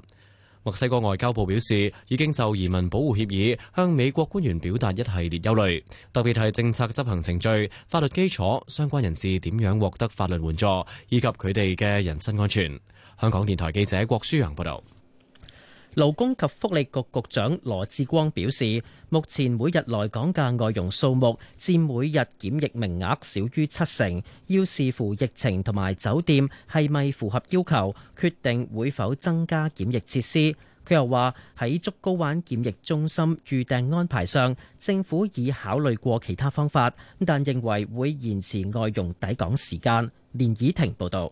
墨西哥外交部表示，已經就移民保護協議向美國官員表達一系列憂慮，特別係政策執行程序、法律基礎、相關人士點樣獲得法律援助，以及佢哋嘅人身安全。香港電台記者郭舒揚報道。勞工及福利局局長羅致光表示，目前每日來港嘅外傭數目佔每日檢疫名額少於七成，要視乎疫情同埋酒店係咪符合要求，決定會否增加檢疫設施。佢又話喺竹篙灣檢疫中心預訂安排上，政府已考慮過其他方法，但認為會延遲外傭抵港時間。連以婷報道。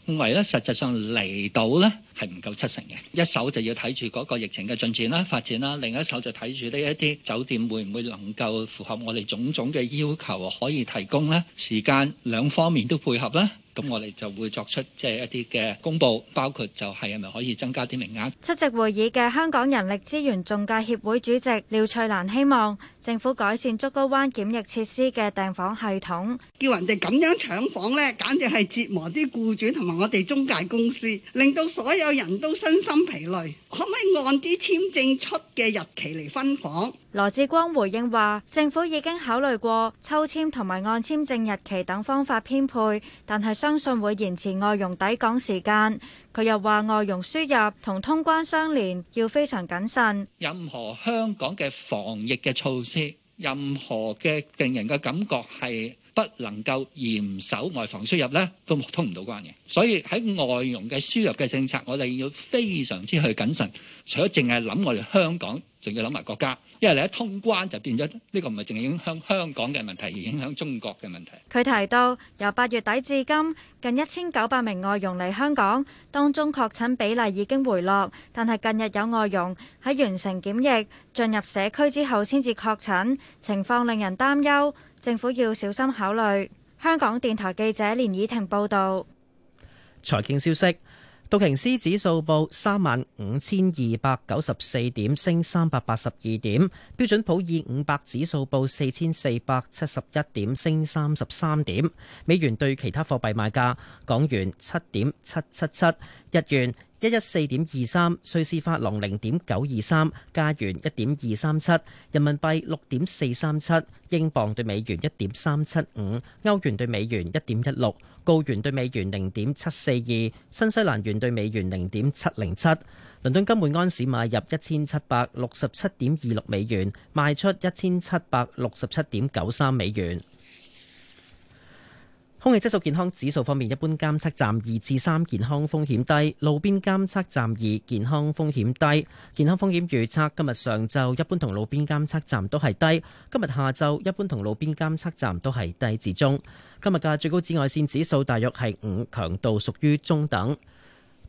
認為咧，實際上嚟到呢係唔夠七成嘅。一手就要睇住嗰個疫情嘅進展啦、發展啦，另一手就睇住呢一啲酒店會唔會能夠符合我哋種種嘅要求，可以提供咧時間兩方面都配合啦。咁我哋就會作出即係一啲嘅公佈，包括就係係咪可以增加啲名額。出席會議嘅香港人力資源仲介協會主席廖翠蘭希望政府改善竹篙灣檢疫設施嘅訂房系統，叫人哋咁樣搶房呢，簡直係折磨啲僱主同埋。我哋中介公司令到所有人都身心疲累，可唔可以按啲簽證出嘅日期嚟分房？羅致光回應話：政府已經考慮過抽簽同埋按簽證日期等方法編配，但係相信會延遲外傭抵港時間。佢又話外傭輸入同通關相連，要非常謹慎。任何香港嘅防疫嘅措施，任何嘅令人嘅感覺係。不能夠嚴守外防出入咧，都通唔到關嘅。所以喺外傭嘅輸入嘅政策，我哋要非常之去謹慎，除咗淨係諗我哋香港。仲要諗埋國家，因為你一通關就變咗呢個，唔係淨係影響香港嘅問題，而影響中國嘅問題。佢提到，由八月底至今，近一千九百名外傭嚟香港，當中確診比例已經回落，但係近日有外傭喺完成檢疫進入社區之後先至確診，情況令人擔憂，政府要小心考慮。香港電台記者連以婷報導。財經消息。道瓊斯指數報三萬五千二百九十四點，升三百八十二點。標準普爾五百指數報四千四百七十一點，升三十三點。美元對其他貨幣賣價：港元七點七七七，日元一一四點二三，瑞士法郎零點九二三，加元一點二三七，人民幣六點四三七，英鎊對美元一點三七五，歐元對美元一點一六。澳元對美元零點七四二，新西蘭元對美元零點七零七，倫敦金每安士買入一千七百六十七點二六美元，賣出一千七百六十七點九三美元。空氣質素健康指數方面，一般監測站二至三，健康風險低；路邊監測站二，健康風險低。健康風險預測今日上晝一般同路邊監測站都係低，今日下晝一般同路邊監測站都係低至中。今日嘅最高紫外線指數大約係五，強度屬於中等。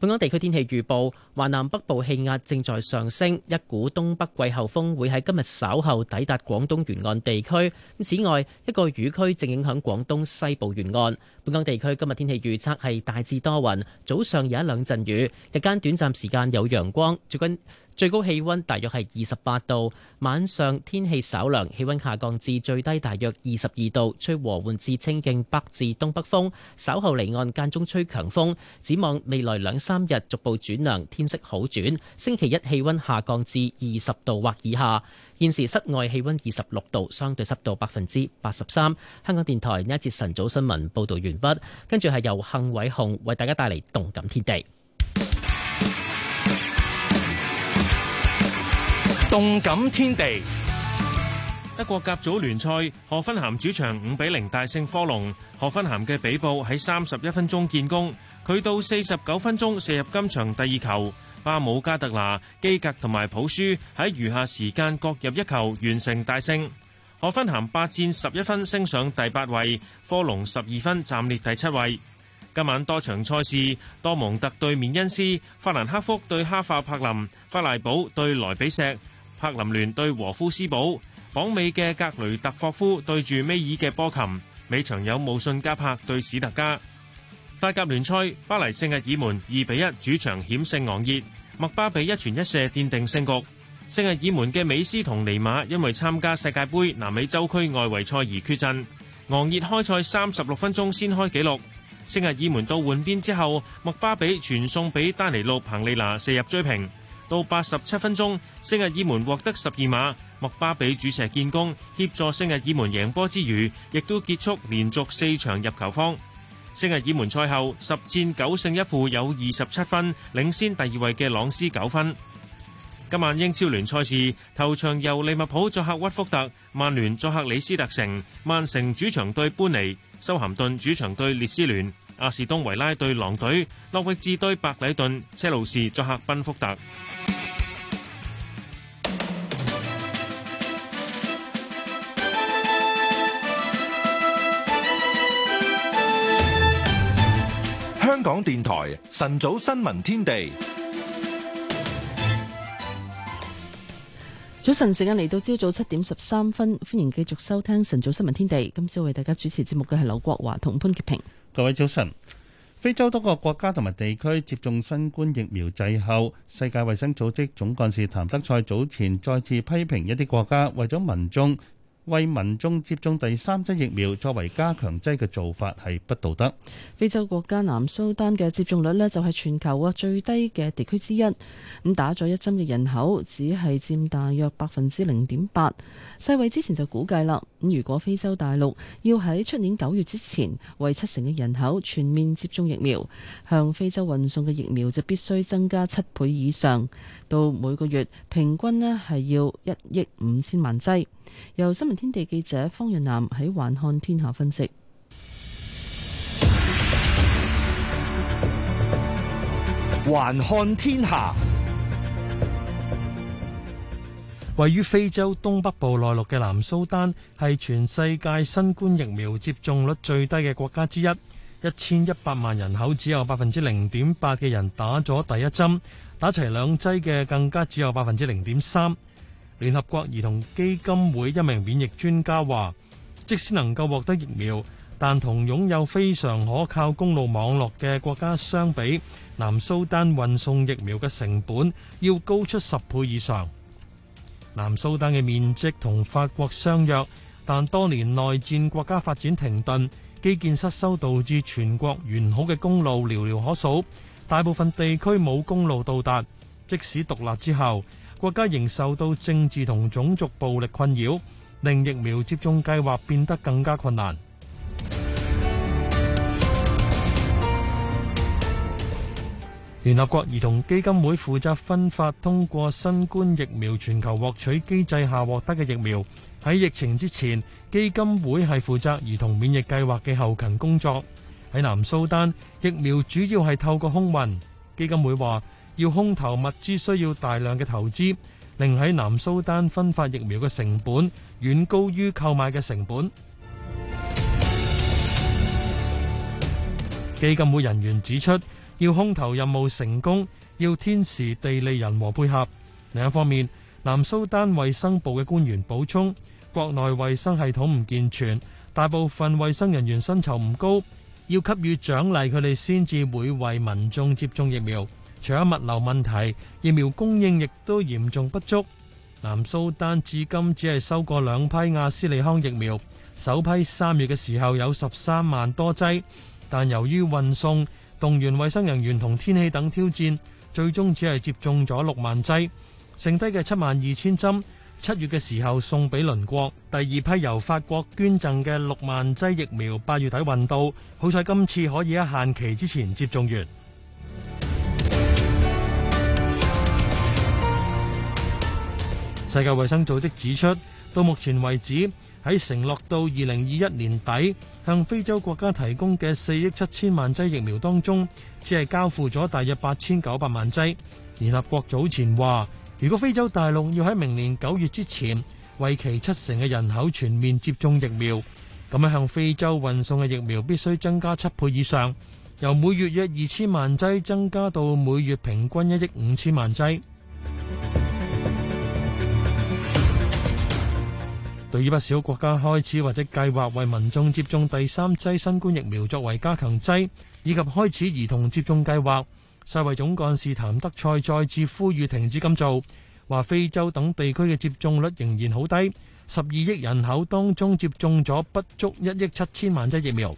本港地區天氣預報：華南北部氣壓正在上升，一股東北季候風會喺今日稍後抵達廣東沿岸地區。此外，一個雨區正影響廣東西部沿岸。本港地區今日天氣預測係大致多雲，早上有一兩陣雨，日間短暫時間有陽光。最近最高氣溫大約係二十八度，晚上天氣稍涼，氣溫下降至最低大約二十二度，吹和緩至清勁北至東北風，稍後離岸間中吹強風。展望未來兩三日逐步轉涼，天色好轉。星期一氣溫下降至二十度或以下。現時室外氣溫二十六度，相對濕度百分之八十三。香港電台呢一節晨早新聞報道完畢，跟住係由幸偉雄為大家帶嚟動感天地。動感天地，德國甲組聯賽，賀芬咸主場五比零大勝科隆。賀芬咸嘅比布喺三十一分鐘建功，佢到四十九分鐘射入今場第二球。巴姆加特拿、基格同埋普舒喺餘下時間各入一球，完成大勝。賀芬咸八戰十一分，升上第八位。科隆十二分，暫列第七位。今晚多場賽事：多蒙特對緬恩斯、法蘭克福對哈化柏林、法萊堡對萊比錫。柏林聯對和夫斯堡，榜尾嘅格雷特霍夫對住尾爾嘅波琴，尾場有武信加柏對史特加。法甲聯賽，巴黎聖日耳門二比一主場險勝昂熱，麥巴比一傳一射奠定勝局。聖日耳門嘅美斯同尼馬因為參加世界杯南美洲區外圍賽而缺陣，昂熱開賽三十六分鐘先開紀錄，聖日耳門到換邊之後，麥巴比傳送俾丹尼路彭利拿射入追平。到八十七分鐘，聖日耳門獲得十二碼，莫巴比主射建功，協助聖日耳門贏波之餘，亦都結束連續四場入球荒。聖日耳門賽後十戰九勝一負，有二十七分，領先第二位嘅朗斯九分。今晚英超聯賽事，頭場由利物浦作客屈福特，曼聯作客李斯特城，曼城主場對班尼，修咸頓主場對列斯聯，阿士東維拉對狼隊，諾域治對白禮頓，車路士作客賓福特。香港電台晨早新聞天地，早晨時間嚟到朝早七點十三分，歡迎繼續收聽晨早新聞天地。今朝為大家主持節目嘅係劉國華同潘潔平，各位早晨。非洲多個國家同埋地區接種新冠疫苗滯後，世界衛生組織總幹事譚德塞早前再次批評一啲國家為咗民眾，為民眾接種第三劑疫苗作為加強劑嘅做法係不道德。非洲國家南蘇丹嘅接種率咧就係全球啊最低嘅地區之一，咁打咗一針嘅人口只係佔大約百分之零點八。世衛之前就估計啦。咁如果非洲大陸要喺出年九月之前，為七成嘅人口全面接種疫苗，向非洲運送嘅疫苗就必須增加七倍以上，到每個月平均咧係要一億五千萬劑。由新聞天地記者方潤南喺環看天下分析。環看天下。位於非洲東北部內陸嘅南蘇丹係全世界新冠疫苗接種率最低嘅國家之一，一千一百萬人口只有百分之零點八嘅人打咗第一針，打齊兩劑嘅更加只有百分之零點三。聯合國兒童基金會一名免疫專家話，即使能夠獲得疫苗，但同擁有非常可靠公路網絡嘅國家相比，南蘇丹運送疫苗嘅成本要高出十倍以上。南蘇丹嘅面積同法國相若，但多年內戰國家發展停頓，基建失修導致全國完好嘅公路寥寥可數，大部分地區冇公路到達。即使獨立之後，國家仍受到政治同種族暴力困擾，令疫苗接種計劃變得更加困難。聯合國兒童基金會負責分發通過新冠疫苗全球獲取機制下獲得嘅疫苗。喺疫情之前，基金會係負責兒童免疫計劃嘅後勤工作。喺南蘇丹，疫苗主要係透過空運。基金會話要空投物資需要大量嘅投資，令喺南蘇丹分發疫苗嘅成本遠高於購買嘅成本。基金會人員指出。要空投任務成功，要天時地利人和配合。另一方面，南蘇丹衞生部嘅官員補充，國內衞生系統唔健全，大部分衞生人員薪酬唔高，要給予獎勵佢哋先至會為民眾接種疫苗。除咗物流問題，疫苗供應亦都嚴重不足。南蘇丹至今只係收過兩批亞斯利康疫苗，首批三月嘅時候有十三萬多劑，但由於運送動員衛生人員同天氣等挑戰，最終只係接種咗六萬劑，剩低嘅七萬二千針，七月嘅時候送俾鄰國。第二批由法國捐贈嘅六萬劑疫苗，八月底運到，好彩今次可以喺限期之前接種完。世界衛生組織指出，到目前為止。喺承諾到二零二一年底向非洲國家提供嘅四億七千萬劑疫苗當中，只係交付咗大約八千九百萬劑。聯合國早前話，如果非洲大陸要喺明年九月之前為其七成嘅人口全面接種疫苗，咁樣向非洲運送嘅疫苗必須增加七倍以上，由每月約二千萬劑增加到每月平均一億五千萬劑。對於不少國家開始或者計劃為民眾接種第三劑新冠疫苗作為加強劑，以及開始兒童接種計劃，世衞總幹事譚德塞再次呼籲停止咁做。話非洲等地區嘅接種率仍然好低，十二億人口當中接種咗不足一億七千萬劑疫苗。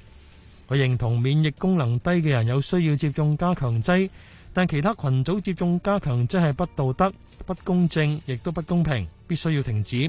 佢認同免疫功能低嘅人有需要接種加強劑，但其他群組接種加強劑係不道德、不公正，亦都不公平，必須要停止。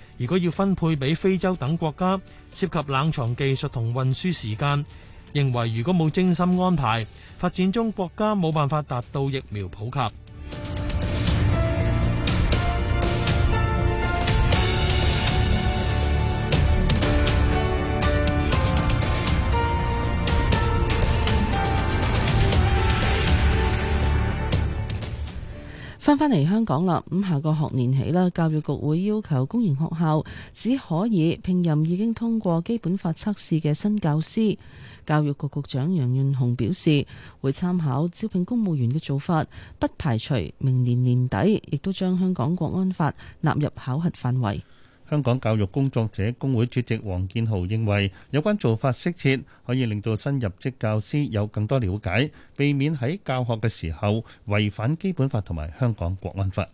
如果要分配俾非洲等國家，涉及冷藏技術同運輸時間，認為如果冇精心安排，發展中國家冇辦法達到疫苗普及。翻返嚟香港啦，咁下個學年起啦，教育局會要求公營學校只可以聘任已經通過基本法測試嘅新教師。教育局局長楊潤雄表示，會參考招聘公務員嘅做法，不排除明年年底亦都將香港國安法納入考核範圍。香港教育工作者工會主席黃建豪認為，有關做法適切，可以令到新入職教師有更多了解，避免喺教學嘅時候違反基本法同埋香港國安法。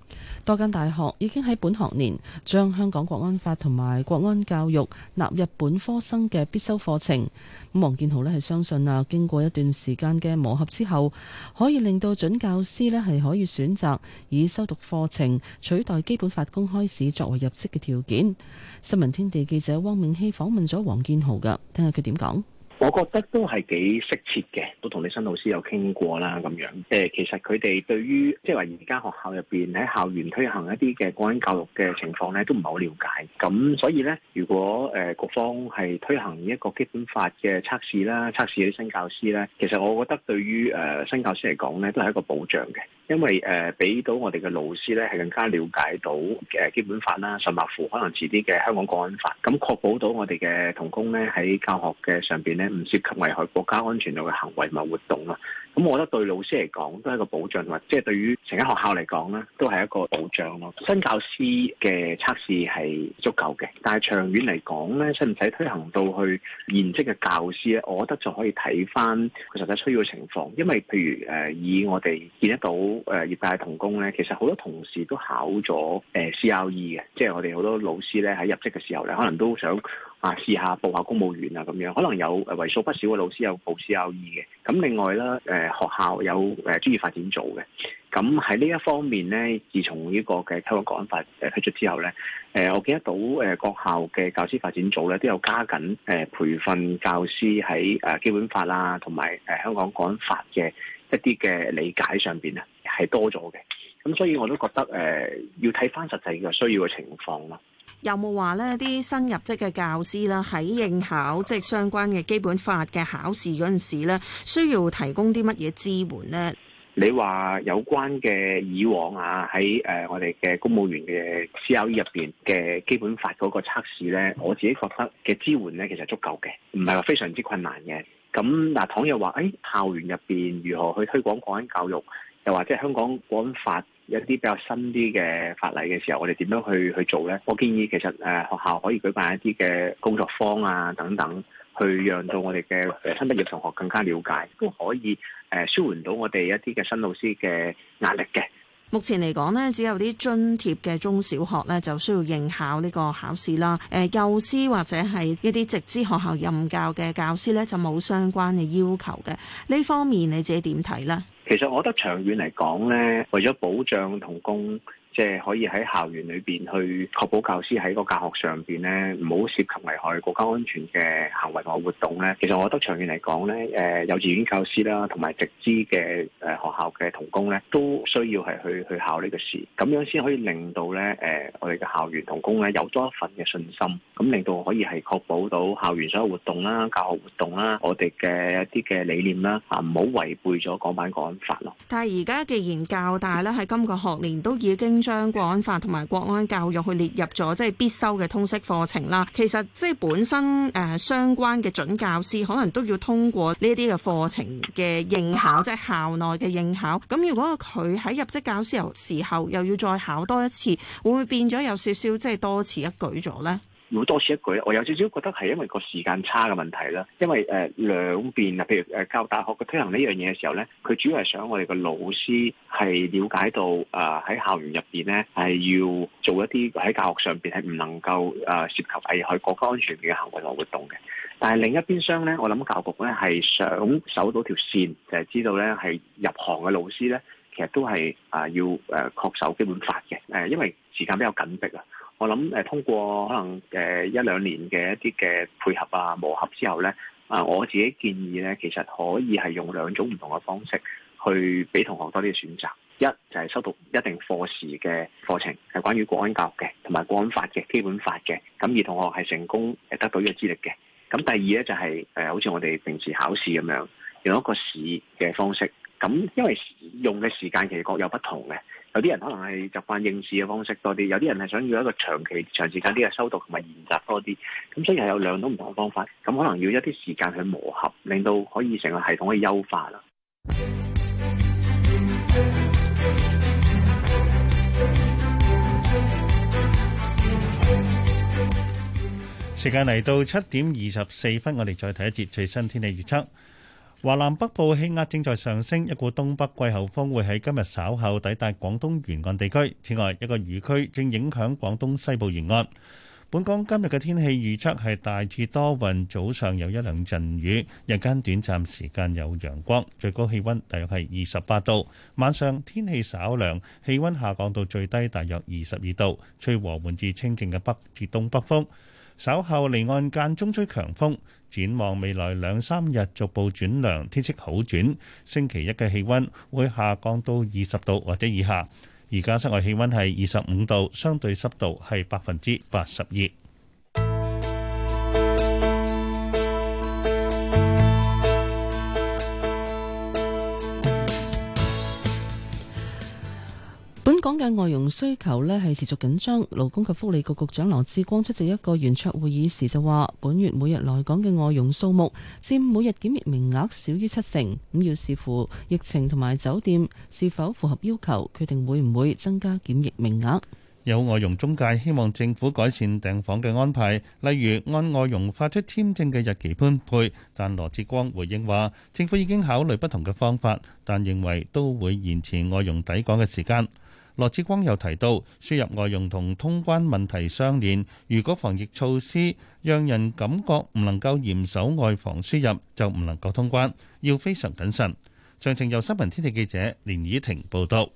多間大學已經喺本學年將香港國安法同埋國安教育納入本科生嘅必修課程。咁黃建豪咧係相信啊，經過一段時間嘅磨合之後，可以令到準教師咧係可以選擇以修讀課程取代基本法公開試作為入職嘅條件。新聞天地記者汪明希訪問咗黃建豪噶，聽下佢點講。我覺得都係幾適切嘅，都同你新老師有傾過啦，咁樣誒，其實佢哋對於即係話而家學校入邊喺校園推行一啲嘅國安教育嘅情況咧，都唔係好了解。咁所以咧，如果誒局方係推行一個基本法嘅測試啦，測試啲新教師咧，其實我覺得對於誒新、呃、教師嚟講咧，都係一個保障嘅，因為誒俾、呃、到我哋嘅老師咧係更加了解到嘅基本法啦、甚或乎，可能遲啲嘅香港國安法，咁確保到我哋嘅同工咧喺教學嘅上邊咧。唔涉及危害國家安全度嘅行為同埋活動啊。 咁、嗯、我覺得對老師嚟講都係一個保障，或者係對於成間學校嚟講咧，都係一個保障咯。新教師嘅測試係足夠嘅，但係長遠嚟講咧，使唔使推行到去現職嘅教師咧？我覺得就可以睇翻佢實際需要嘅情況。因為譬如誒、呃，以我哋見得到誒業界同工咧，其實好多同事都考咗誒、呃、CRE 嘅，即係我哋好多老師咧，喺入職嘅時候咧，可能都想啊試下報下公務員啊咁樣，可能有誒為數不少嘅老師有報 CRE 嘅。咁另外咧誒。呃呃學校有誒專、呃、業發展組嘅，咁喺呢一方面咧，自從呢個嘅香港國安法誒推出之後咧，誒、呃、我見得到誒學、呃、校嘅教師發展組咧都有加緊誒、呃、培訓教師喺誒、呃、基本法啦，同埋誒香港國安法嘅一啲嘅理解上邊咧係多咗嘅，咁所以我都覺得誒、呃、要睇翻實際嘅需要嘅情況咯。有冇話呢啲新入職嘅教師啦喺應考即係相關嘅基本法嘅考試嗰陣時咧，需要提供啲乜嘢支援呢？你話有關嘅以往啊，喺誒我哋嘅公務員嘅 C L E 入邊嘅基本法嗰個測試咧，我自己覺得嘅支援呢，其實足夠嘅，唔係話非常之困難嘅。咁嗱，唐又話誒、哎，校園入邊如何去推廣國安教育？又或者香港講法一啲比較新啲嘅法例嘅時候，我哋點樣去去做呢？我建議其實誒、呃、學校可以舉辦一啲嘅工作坊啊等等，去讓到我哋嘅新畢業同學更加了解，都可以誒、呃、舒緩到我哋一啲嘅新老師嘅壓力嘅。目前嚟講呢只有啲津貼嘅中小學呢就需要應考呢個考試啦。誒、呃，幼師或者係一啲直資學校任教嘅教師呢，就冇相關嘅要求嘅。呢方面你自己點睇呢？其實我覺得長遠嚟講呢為咗保障同工。即係可以喺校園裏邊去確保教師喺個教學上邊咧，唔好涉及危害國家安全嘅行為同活動咧。其實我覺得長遠嚟講咧，誒幼稚園教師啦，同埋直資嘅誒學校嘅同工咧，都需要係去去考呢個試，咁樣先可以令到咧誒我哋嘅校園同工咧有多一份嘅信心，咁令到可以係確保到校園所有活動啦、教學活動啦、我哋嘅一啲嘅理念啦，嚇唔好違背咗港版《國安法》咯。但係而家既然教大啦，喺今個學年都已經將國安法同埋國安教育去列入咗，即係必修嘅通識課程啦。其實即係本身誒、呃，相關嘅準教師可能都要通過呢啲嘅課程嘅應考，即係校內嘅應考。咁如果佢喺入職教師由時候又要再考多一次，會唔會變咗有少少即係多此一舉咗呢？會多說一句咧，我有少少覺得係因為個時間差嘅問題啦。因為誒兩邊啊，譬、呃、如誒教大學嘅推行呢樣嘢嘅時候咧，佢主要係想我哋嘅老師係了解到誒喺、呃、校園入邊咧係要做一啲喺教學上邊係唔能夠誒、呃、涉及係佢國家安全嘅行為同活動嘅。但係另一邊廂咧，我諗教育局咧係想守到條線，就係、是、知道咧係入行嘅老師咧，其實都係啊要誒確守基本法嘅誒、呃，因為時間比較緊迫啊。我諗誒，通過可能誒一兩年嘅一啲嘅配合啊磨合之後咧，啊我自己建議咧，其實可以係用兩種唔同嘅方式去俾同學多啲嘅選擇。一就係修讀一定課時嘅課程，係關於國安教育嘅，同埋國安法嘅、基本法嘅。咁而同學係成功誒得到呢個資歷嘅。咁第二咧就係誒，好似我哋平時考試咁樣，用一個試嘅方式。咁因為用嘅時間其實各有不同嘅。有啲人可能係習慣應試嘅方式多啲，有啲人係想要一個長期、長時間啲嘅修讀同埋練習多啲，咁所以係有兩種唔同嘅方法，咁可能要一啲時間去磨合，令到可以成個系統可以優化啦。時間嚟到七點二十四分，我哋再睇一節最新天氣預測。華南北部氣壓正在上升，一股東北季候風會喺今日稍後抵達廣東沿岸地區。此外，一個雨區正影響廣東西部沿岸。本港今日嘅天氣預測係大致多雲，早上有一兩陣雨，日間短暫時間有陽光，最高氣温大約係二十八度。晚上天氣稍涼，氣温下降到最低大約二十二度，吹和緩至清勁嘅北至東北風。稍後離岸間中吹強風，展望未來兩三日逐步轉涼，天色好轉。星期一嘅氣温會下降到二十度或者以下。而家室外氣温係二十五度，相對濕度係百分之八十二。港嘅外傭需求呢，係持續緊張。勞工及福利局局長羅志光出席一個圓桌會議時就話：本月每日來港嘅外傭數目占每日檢疫名額少於七成，咁要視乎疫情同埋酒店是否符合要求，決定會唔會增加檢疫名額。有外傭中介希望政府改善訂房嘅安排，例如按外傭發出簽證嘅日期分配。但羅志光回應話，政府已經考慮不同嘅方法，但認為都會延遲外傭抵港嘅時間。羅志光又提到，輸入外傭同通關問題相連，如果防疫措施讓人感覺唔能夠嚴守外防輸入，就唔能夠通關，要非常謹慎。詳情由新聞天地記者連以婷報道。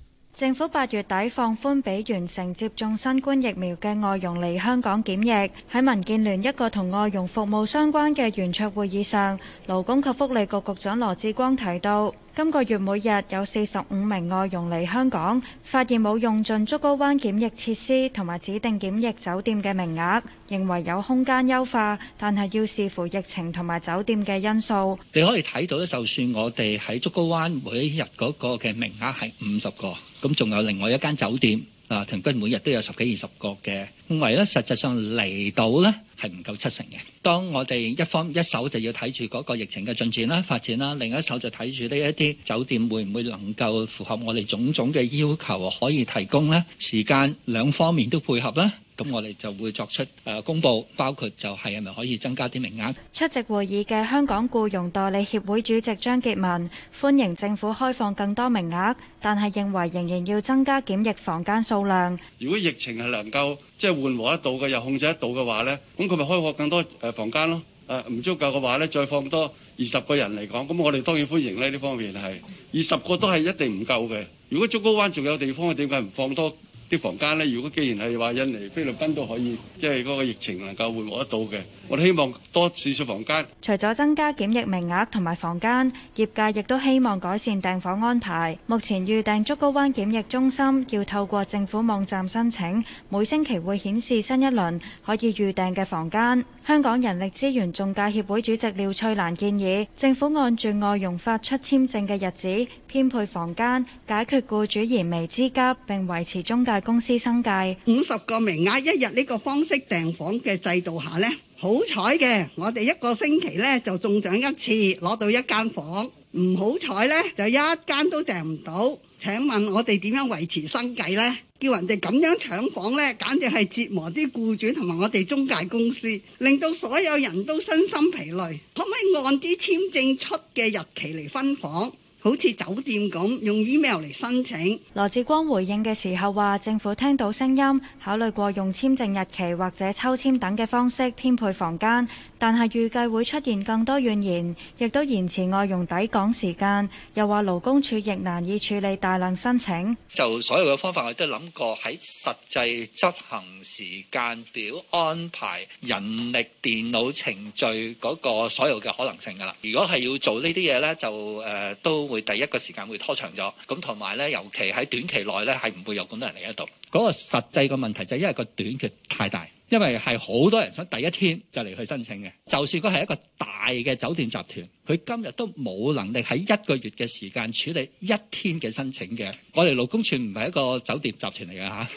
政府八月底放寬俾完成接種新冠疫苗嘅外傭嚟香港檢疫。喺民建聯一個同外傭服務相關嘅圓桌會議上，勞工及福利局局長羅致光提到，今個月每日有四十五名外傭嚟香港，發現冇用盡竹篙灣檢疫設施同埋指定檢疫酒店嘅名額，認為有空間優化，但係要視乎疫情同埋酒店嘅因素。你可以睇到，就算我哋喺竹篙灣每一日嗰個嘅名額係五十個。咁仲有另外一間酒店，啊，平均每日都有十幾二十個嘅，因為咧，實際上嚟到呢係唔夠七成嘅。當我哋一方一手就要睇住嗰個疫情嘅進展啦、發展啦，另一手就睇住呢一啲酒店會唔會能夠符合我哋種種嘅要求，可以提供呢時間兩方面都配合啦。咁我哋就會作出誒公布，包括就係係咪可以增加啲名額？出席會議嘅香港僱傭代理協會主席張傑文歡迎政府開放更多名額，但係認為仍然要增加檢疫房間數量。如果疫情係能夠即係緩和得到嘅，又控制得到嘅話，呢咁佢咪開放更多誒房間咯？誒唔足夠嘅話，呢再放多二十個人嚟講。咁我哋當然歡迎呢呢方面係二十個都係一定唔夠嘅。如果竹篙灣仲有地方，點解唔放多？啲房間呢，如果既然係話印尼、菲律賓都可以，即係嗰個疫情能夠緩和得到嘅。我希望多次出房間，除咗增加檢疫名額同埋房間，業界亦都希望改善訂房安排。目前預訂竹篙灣檢疫中心要透過政府網站申請，每星期會顯示新一輪可以預訂嘅房間。香港人力資源中介協會主席廖翠蘭建議政府按住外傭發出簽證嘅日子，編配房間，解決僱主燃眉之急，並維持中介公司生計。五十個名額一日呢個方式訂房嘅制度下咧？好彩嘅，我哋一個星期咧就中獎一次，攞到一間房。唔好彩咧，就一間都訂唔到。請問我哋點樣維持生計咧？叫人哋咁樣搶房咧，簡直係折磨啲僱主同埋我哋中介公司，令到所有人都身心疲累。可唔可以按啲簽證出嘅日期嚟分房？好似酒店咁用 email 嚟申請。羅致光回應嘅時候話，政府聽到聲音，考慮過用簽證日期或者抽籤等嘅方式編配房間，但係預計會出現更多怨言，亦都延遲外傭抵港時間。又話勞工處亦難以處理大量申請。就所有嘅方法我都諗過喺實際執行、時間表安排人力、電腦程序嗰個所有嘅可能性㗎喇。如果係要做呢啲嘢呢，就誒、呃、都。會第一個時間會拖長咗，咁同埋咧，尤其喺短期內咧，係唔會有咁多人嚟得到。嗰個實際嘅問題就係因為個短缺太大。因為係好多人想第一天就嚟去申請嘅，就算佢係一個大嘅酒店集團，佢今日都冇能力喺一個月嘅時間處理一天嘅申請嘅。我哋勞工處唔係一個酒店集團嚟嘅嚇，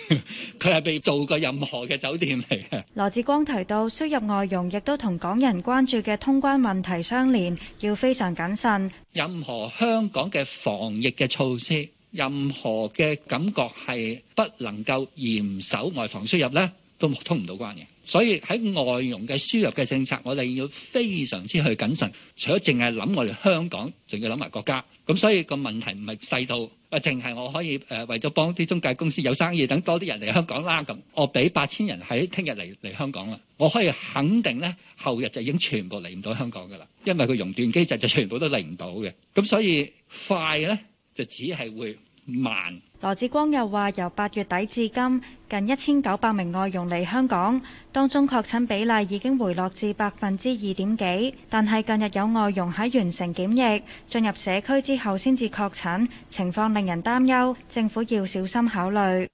佢係未做過任何嘅酒店嚟嘅。羅致光提到輸入外佣亦都同港人關注嘅通關問題相連，要非常謹慎。任何香港嘅防疫嘅措施，任何嘅感覺係不能夠嚴守外防輸入咧，都通唔到關嘅，所以喺外傭嘅輸入嘅政策，我哋要非常之去謹慎。除咗淨係諗我哋香港，仲要諗埋國家。咁所以個問題唔係細到，啊淨係我可以誒為咗幫啲中介公司有生意，等多啲人嚟香港啦。咁我俾八千人喺聽日嚟嚟香港啦，我可以肯定咧，後日就已經全部嚟唔到香港噶啦，因為個熔斷機制就全部都嚟唔到嘅。咁所以快咧就只係會慢。羅致光又話：由八月底至今。近一千九百名外傭嚟香港，當中確診比例已經回落至百分之二點幾，但係近日有外傭喺完成檢疫進入社區之後先至確診，情況令人擔憂，政府要小心考慮。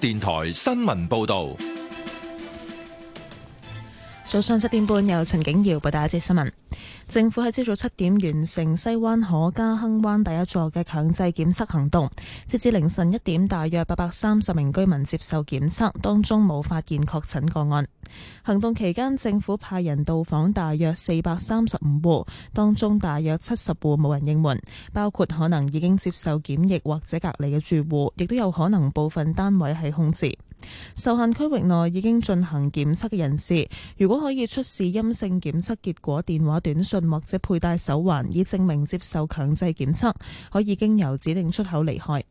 電台新聞報道。早上七點半，由陳景瑤報道一節新聞。政府喺朝早七點完成西灣河嘉亨灣第一座嘅強制檢測行動，截至凌晨一點，大約八百三十名居民接受檢測，當中冇發現確診個案。行動期間，政府派人到訪大約四百三十五戶，當中大約七十戶冇人應門，包括可能已經接受檢疫或者隔離嘅住戶，亦都有可能部分單位係空置。受限區域內已經進行檢測嘅人士，如果可以出示陰性檢測結果、電話短訊或者佩戴手環以證明接受強制檢測，可以經由指定出口離開。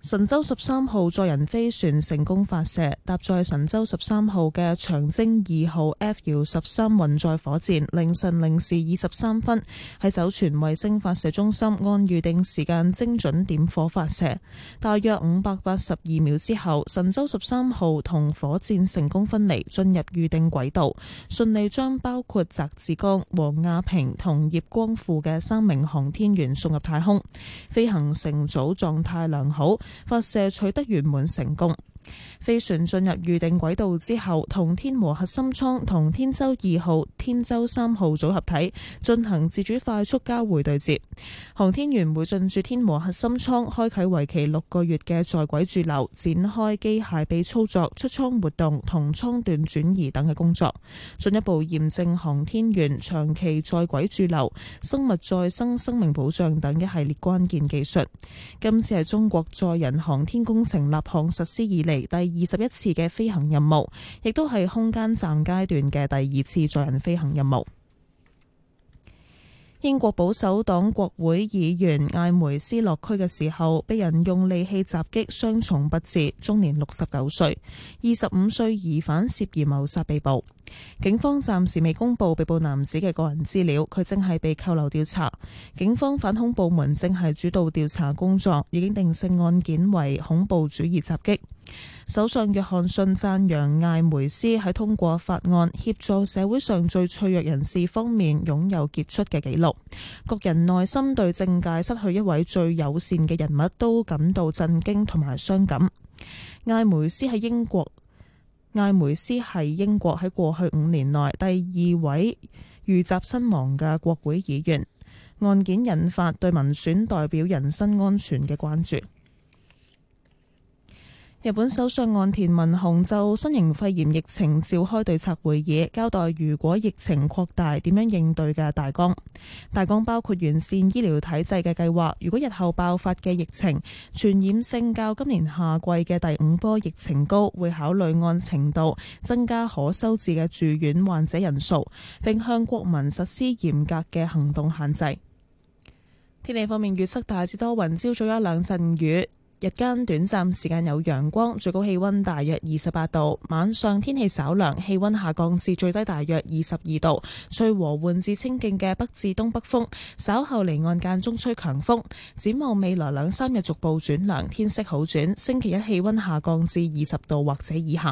神舟十三號載人飛船成功發射，搭載神舟十三號嘅長征二號 F 遙十三運載火箭，凌晨零時二十三分喺酒泉衛星發射中心按預定時間精準點火發射。大約五百八十二秒之後，神舟十三號同火箭成功分離，進入預定軌道，順利將包括翟志剛、王亞平同葉光富嘅三名航天員送入太空。飛行乘組狀態良好。發射取得圓滿成功。飛船進入預定軌道之後，同天和核心艙同天舟二號、天舟三號組合體進行自主快速交會對接。航天員會進駐天和核心艙，開啟為期六個月嘅在軌駐留，展開機械臂操作、出艙活動同艙段轉移等嘅工作，進一步驗證航天員長期在軌駐留、生物再生生命保障等一系列關鍵技術。今次係中國載人航天工程立項實施以嚟第二十一次嘅飛行任務，亦都係空間站階段嘅第二次載人飛行任務。英國保守黨國會議員艾梅斯落區嘅時候，被人用利器襲擊，傷重不治，終年六十九歲。二十五歲疑犯涉嫌謀殺被捕，警方暫時未公布被捕男子嘅個人資料，佢正係被扣留調查。警方反恐部門正係主導調查工作，已經定性案件為恐怖主義襲擊。首相約翰遜讚揚艾梅斯喺通過法案協助社會上最脆弱人士方面擁有傑出嘅紀錄。各人內心對政界失去一位最友善嘅人物都感到震驚同埋傷感。艾梅斯喺英國，艾梅斯係英國喺過去五年內第二位遇襲身亡嘅國會議員。案件引發對民選代表人身安全嘅關注。日本首相岸田文雄就新型肺炎疫情召開對策會議，交代如果疫情擴大點樣應對嘅大綱。大綱包括完善醫療體制嘅計劃。如果日後爆發嘅疫情傳染性較今年夏季嘅第五波疫情高，會考慮按程度增加可收治嘅住院患者人數，並向國民實施嚴格嘅行動限制。天氣方面，預測大致多雲，朝早一兩陣雨。日間短暫時間有陽光，最高氣溫大約二十八度。晚上天氣稍涼，氣溫下降至最低大約二十二度，吹和緩至清勁嘅北至東北風。稍後離岸間中吹強風。展望未來兩三日逐步轉涼，天色好轉。星期一氣溫下降至二十度或者以下。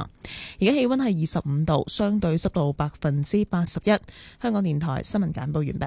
而家氣溫係二十五度，相對濕度百分之八十一。香港電台新聞簡報完畢。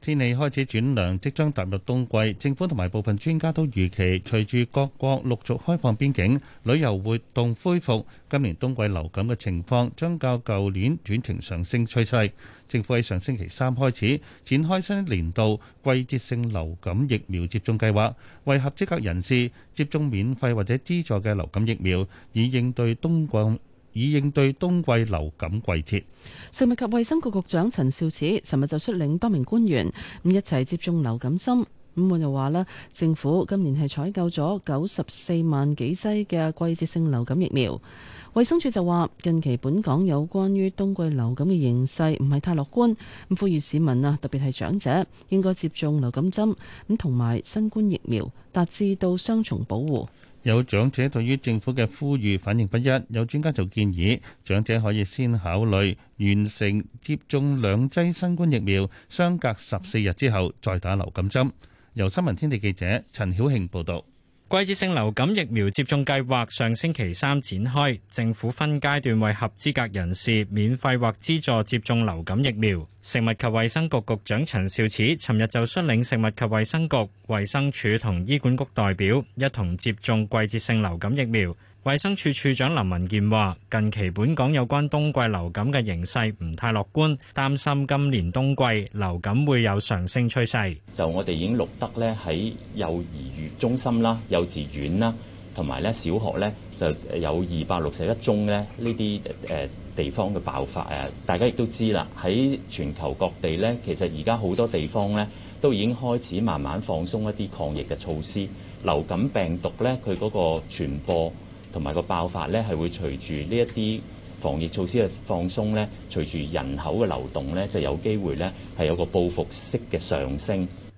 天氣開始轉涼，即將踏入冬季。政府同埋部分專家都預期，隨住各國陸續開放邊境、旅遊活動恢復，今年冬季流感嘅情況將較舊年轉呈上升趨勢。政府喺上星期三開始展開新年度季節性流感疫苗接種計劃，為合資格人士接種免費或者資助嘅流感疫苗，以應對冬季。以應對冬季流感季節，食物及衛生局局長陳肇始尋日就率領多名官員咁一齊接種流感針。咁佢又話啦，政府今年係採購咗九十四萬幾劑嘅季節性流感疫苗。衛生署就話近期本港有關於冬季流感嘅形勢唔係太樂觀，咁呼籲市民啊，特別係長者應該接種流感針，咁同埋新冠疫苗，達至到雙重保護。有長者對於政府嘅呼籲反應不一，有專家就建議長者可以先考慮完成接種兩劑新冠疫苗，相隔十四日之後再打流感針。由新聞天地記者陳曉慶報導。季節性流感疫苗接種計劃上星期三展開，政府分階段為合資格人士免費或資助接種流感疫苗。食物及衛生局局長陳肇始尋日就率領食物及衛生局、衛生署同醫管局代表一同接種季節性流感疫苗。衛生署署長林文健話，近期本港有關冬季流感嘅形勢唔太樂觀，擔心今年冬季流感會有上升趨勢。就我哋已經錄得呢，喺幼兒園中心啦、幼稚園啦，同埋咧小學咧就有二百六十一宗咧呢啲誒地方嘅爆發誒。大家亦都知啦，喺全球各地呢，其實而家好多地方呢，都已經開始慢慢放鬆一啲抗疫嘅措施，流感病毒呢，佢嗰個傳播。同埋個爆發咧，係會隨住呢一啲防疫措施嘅放鬆咧，隨住人口嘅流動咧，就有機會咧，係有個報復式嘅上升。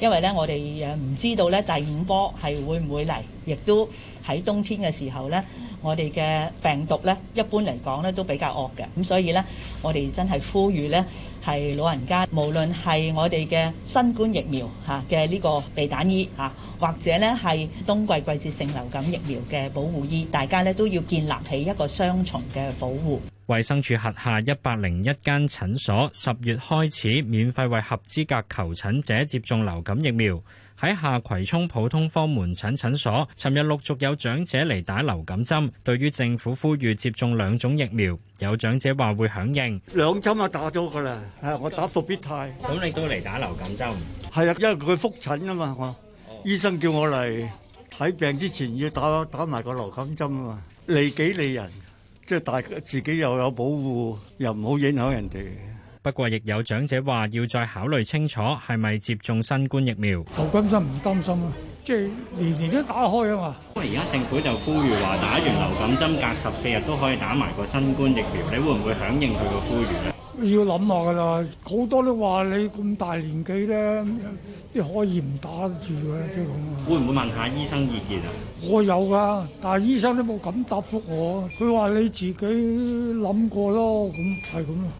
因為咧，我哋誒唔知道咧第五波係會唔會嚟，亦都喺冬天嘅時候咧，我哋嘅病毒咧一般嚟講咧都比較惡嘅，咁所以咧我哋真係呼籲咧，係老人家，無論係我哋嘅新冠疫苗吓嘅呢個避彈衣吓，或者咧係冬季季節性流感疫苗嘅保護衣，大家咧都要建立起一個雙重嘅保護。衛生署轄下一百零一間診所，十月開始免費為合資格求診者接種流感疫苗。喺下葵涌普通科門診診所，尋日陸續有長者嚟打流感針。對於政府呼籲接種兩種疫苗，有長者話會響應。兩針啊，打咗噶啦，係我打復必泰。咁你都嚟打流感針？係啊，因為佢復診啊嘛，我醫生叫我嚟睇病之前要打打埋個流感針啊嘛，利己利人，即係大自己又有保護，又唔好影響人哋。不過亦有長者話要再考慮清楚係咪接種新冠疫苗。頭甘心唔擔心啊？即係年年都打開啊嘛。而家政府就呼籲話打完流感針隔十四日都可以打埋個新冠疫苗，你會唔會響應佢個呼籲啊？要諗下噶啦，好多都話你咁大年紀咧，你可以唔打住嘅，即係咁啊。會唔會問下醫生意見啊？我有噶，但係醫生都冇敢答復我。佢話你自己諗過咯，咁係咁啊。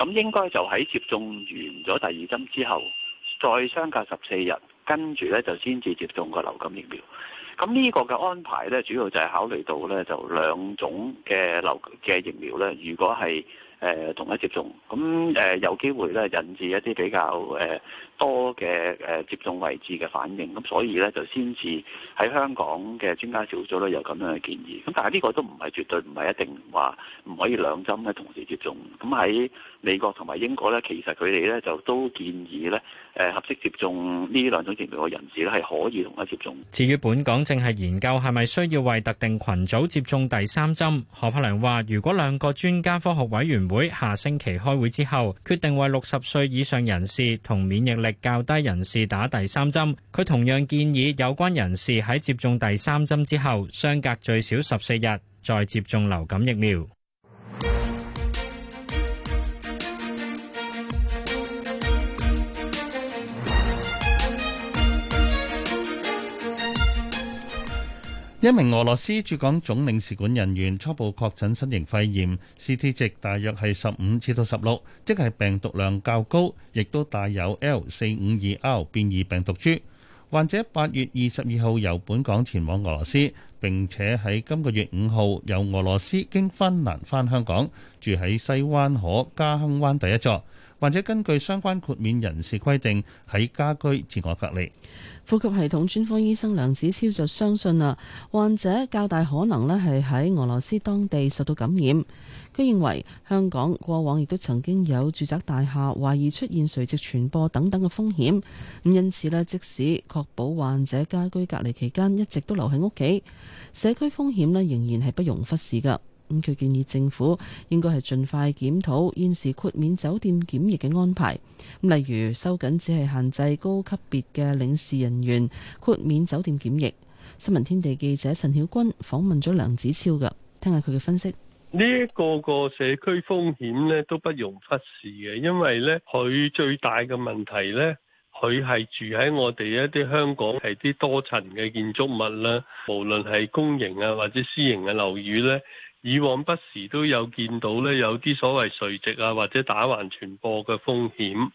咁應該就喺接種完咗第二針之後，再相隔十四日，跟住呢，就先至接種個流感疫苗。咁呢個嘅安排呢，主要就係考慮到呢，就兩種嘅流嘅疫苗呢，如果係誒、呃、同一接種，咁誒、呃、有機會呢，引致一啲比較誒，呃多嘅誒接種位置嘅反應，咁所以咧就先至喺香港嘅專家小組咧有咁樣嘅建議。咁但係呢個都唔係絕對，唔係一定話唔可以兩針咧同時接種，咁喺美國同埋英國咧，其實佢哋咧就都建議咧，誒合適接種呢兩種疫苗嘅人士咧係可以同佢接種。至於本港正係研究係咪需要為特定群組接種第三針，何柏良話，如果兩個專家科學委員會下星期開會之後決定為六十歲以上人士同免疫力，較低人士打第三針，佢同樣建議有關人士喺接種第三針之後，相隔最少十四日再接種流感疫苗。一名俄羅斯駐港總領事館人員初步確診新型肺炎，CT 值大約係十五至到十六，即係病毒量較高，亦都帶有 L 四五二 R 變異病毒株。患者八月二十二號由本港前往俄羅斯，並且喺今個月五號由俄羅斯經芬蘭返香港，住喺西灣河嘉亨灣第一座。患者根據相關豁免人士規定，喺家居自我隔離。呼吸系統專科醫生梁子超就相信啊，患者較大可能咧係喺俄羅斯當地受到感染。佢認為香港過往亦都曾經有住宅大廈懷疑出現垂直傳播等等嘅風險，因此咧，即使確保患者家居隔離期間一直都留喺屋企，社區風險咧仍然係不容忽視㗎。咁佢建議政府應該係盡快檢討現時豁免酒店檢疫嘅安排，例如收緊只係限制高級別嘅領事人員豁免酒店檢疫。新聞天地記者陳曉君訪問咗梁子超噶，聽下佢嘅分析。呢個個社區風險呢都不容忽視嘅，因為呢，佢最大嘅問題呢，佢係住喺我哋一啲香港係啲多層嘅建築物啦，無論係公營啊或者私營嘅樓宇呢。以往不時都有見到咧，有啲所謂垂直啊或者打橫傳播嘅風險。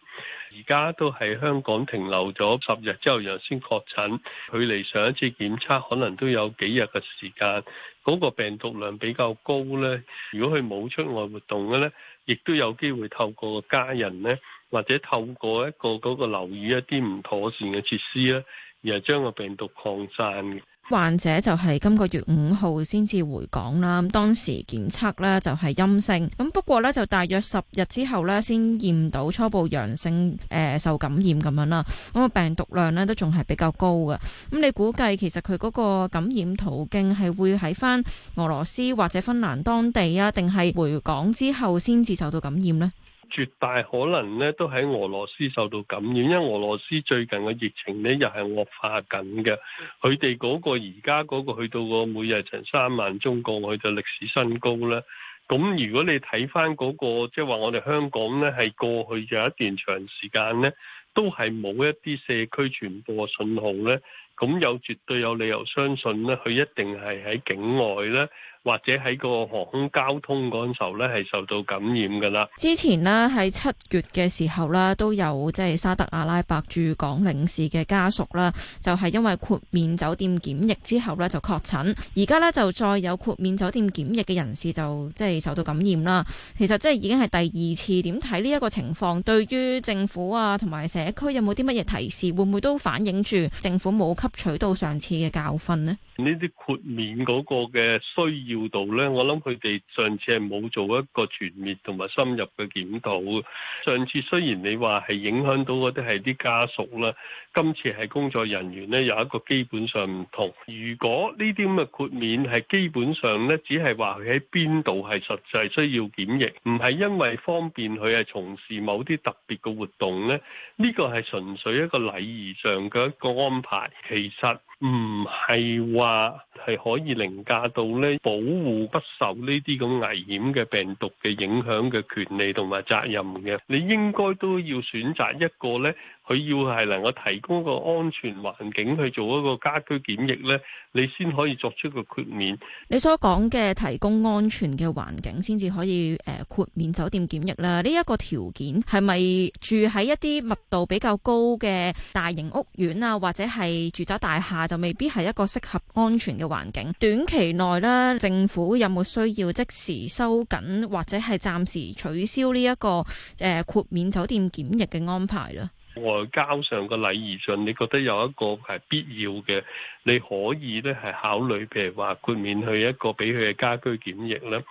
而家都喺香港停留咗十日之後，又先確診，距離上一次檢測可能都有幾日嘅時間。嗰個病毒量比較高呢，如果佢冇出外活動嘅呢，亦都有機會透過家人呢，或者透過一個嗰個留意一啲唔妥善嘅設施呢，而係將個病毒擴散。患者就係今個月五號先至回港啦，咁當時檢測呢就係陰性，咁不過呢就大約十日之後呢先驗到初步陽性，誒、呃、受感染咁樣啦，咁啊病毒量呢都仲係比較高嘅，咁你估計其實佢嗰個感染途徑係會喺翻俄羅斯或者芬蘭當地啊，定係回港之後先至受到感染呢？絕大可能咧，都喺俄羅斯受到感染，因為俄羅斯最近嘅疫情咧又係惡化緊嘅。佢哋嗰個而家嗰個去到個每日成三萬宗過去就歷史新高啦。咁如果你睇翻嗰個，即係話我哋香港咧，係過去有一段長時間咧，都係冇一啲社區傳播嘅信號咧。咁有絕對有理由相信咧，佢一定係喺境外咧。或者喺個航空交通嗰陣時候咧，係受到感染噶啦。之前咧喺七月嘅時候啦，都有即係沙特阿拉伯駐港領事嘅家屬啦，就係、是、因為豁免酒店檢疫之後咧就確診。而家咧就再有豁免酒店檢疫嘅人士就即係、就是、受到感染啦。其實即係已經係第二次，點睇呢一個情況，對於政府啊，同埋社區有冇啲乜嘢提示？會唔會都反映住政府冇吸取到上次嘅教訓咧？呢啲豁免嗰個嘅需要。報道呢，我諗佢哋上次係冇做一個全面同埋深入嘅檢討。上次雖然你話係影響到嗰啲係啲家屬啦，今次係工作人員呢，有一個基本上唔同。如果呢啲咁嘅豁免係基本上呢，只係話佢喺邊度係實際需要檢疫，唔係因為方便佢係從事某啲特別嘅活動呢。呢個係純粹一個禮儀上嘅一個安排，其實。唔係話係可以凌駕到咧，保護不受呢啲咁危險嘅病毒嘅影響嘅權利同埋責任嘅，你應該都要選擇一個咧。佢要係能夠提供一個安全環境去做一個家居檢疫咧，你先可以作出個豁免。你所講嘅提供安全嘅環境，先至可以誒、呃、豁免酒店檢疫啦。呢、這、一個條件係咪住喺一啲密度比較高嘅大型屋苑啊，或者係住宅大廈就未必係一個適合安全嘅環境？短期內咧，政府有冇需要即時收緊或者係暫時取消呢、這、一個誒、呃、豁免酒店檢疫嘅安排咧？外交上個禮儀上，你覺得有一個係必要嘅，你可以咧係考慮，譬如話豁免去一個俾佢嘅家居檢疫咧，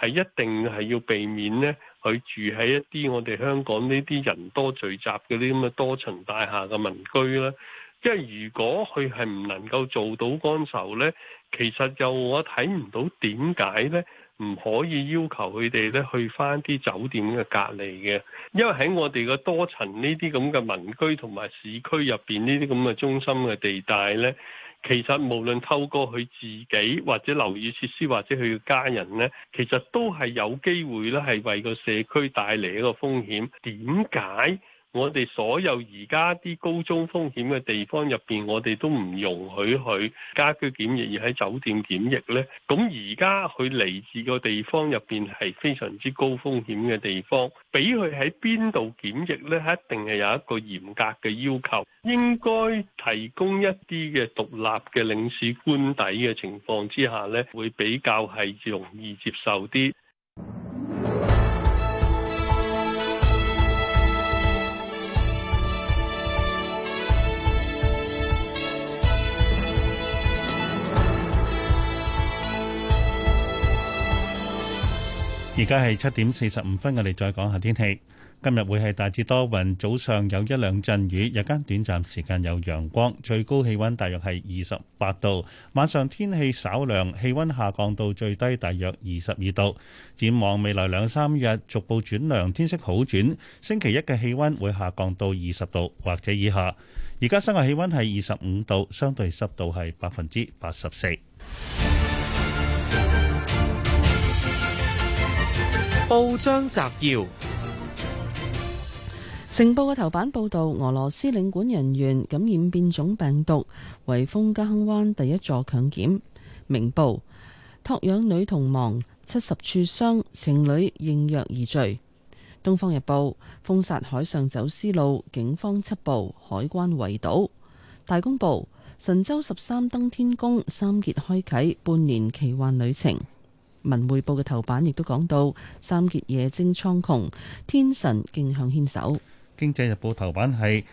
係一定係要避免咧佢住喺一啲我哋香港呢啲人多聚集嗰啲咁嘅多層大廈嘅民居啦。即係如果佢係唔能夠做到監守咧，其實又我睇唔到點解咧。唔可以要求佢哋咧去返啲酒店嘅隔離嘅，因為喺我哋嘅多層呢啲咁嘅民居同埋市區入邊呢啲咁嘅中心嘅地帶呢，其實無論透過佢自己或者樓宇設施或者佢嘅家人呢，其實都係有機會咧係為個社區帶嚟一個風險。點解？我哋所有而家啲高中風險嘅地方入邊，我哋都唔容許佢家居檢疫，而喺酒店檢疫咧。咁而家佢嚟自個地方入邊係非常之高風險嘅地方，俾佢喺邊度檢疫咧，一定係有一個嚴格嘅要求。應該提供一啲嘅獨立嘅領事官邸嘅情況之下咧，會比較係容易接受啲。而家係七點四十五分，我哋再講下天氣。今日會係大致多雲，早上有一兩陣雨，日間短暫時間有陽光，最高氣溫大約係二十八度。晚上天氣稍涼，氣溫下降到最低大約二十二度。展望未來兩三日逐步轉涼，天色好轉。星期一嘅氣溫會下降到二十度或者以下。而家室外氣溫係二十五度，相對濕度係百分之八十四。報章摘要：成報嘅頭版報道，俄羅斯領館人員感染變種病毒，圍封嘉亨灣第一座強檢。明報託養女童亡七十處傷，情侶應約而聚。東方日報封殺海上走私路，警方緝捕海關圍堵。大公報神舟十三登天宮三傑開啟半年奇幻旅程。文匯報嘅頭版亦都講到三傑夜征蒼穹，天神競向牽手。經濟日報頭版係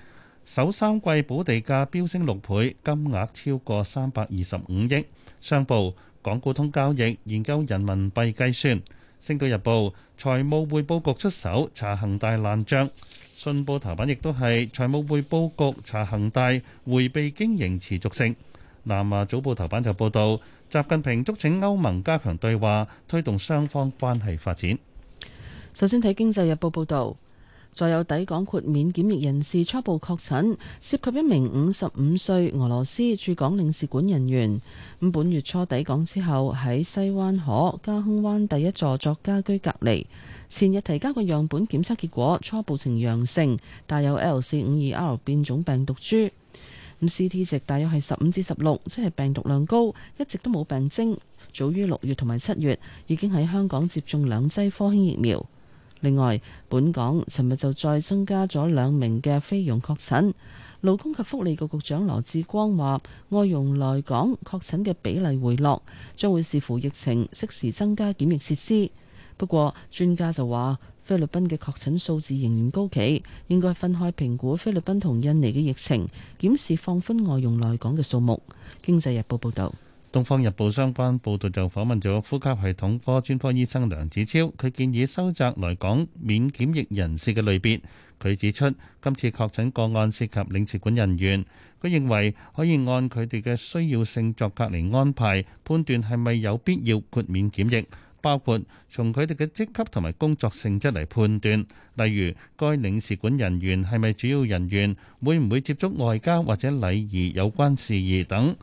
首三季補地價飆升六倍，金額超過三百二十五億。商報港股通交易，研究人民幣計算，星島日報。財務匯報局出手查恒大爛賬。信報頭版亦都係財務匯報局查恒大，回避經營持續性。南華早報頭版就報道。習近平促請歐盟加強對話，推動雙方關係發展。首先睇《經濟日報》報道，再有抵港豁免檢疫人士初步確診，涉及一名五十五歲俄羅斯駐港領事館人員。本月初抵港之後，喺西灣河嘉亨灣第一座作家居隔離，前日提交個樣本檢測結果初步呈陽性，帶有 L452R 變種病毒株。咁 C T 值大約係十五至十六，即係病毒量高，一直都冇病徵，早於六月同埋七月已經喺香港接種兩劑科興疫苗。另外，本港尋日就再增加咗兩名嘅菲傭確診，勞工及福利局局長羅志光話，外傭來港確診嘅比例回落，將會視乎疫情，適時增加檢疫設施。不過專家就話。菲律賓嘅確診數字仍然高企，應該分開評估菲律賓同印尼嘅疫情，檢視放寬外傭來港嘅數目。經濟日報報道，東方日報相關報道就訪問咗呼吸系統科專科醫生梁子超，佢建議收窄來港免檢疫人士嘅類別。佢指出，今次確診個案涉及領事館人員，佢認為可以按佢哋嘅需要性作隔離安排，判斷係咪有必要豁免檢疫。包括從佢哋嘅職級同埋工作性質嚟判斷，例如該領事館人員係咪主要人員，會唔會接觸外交或者禮儀有關事宜等。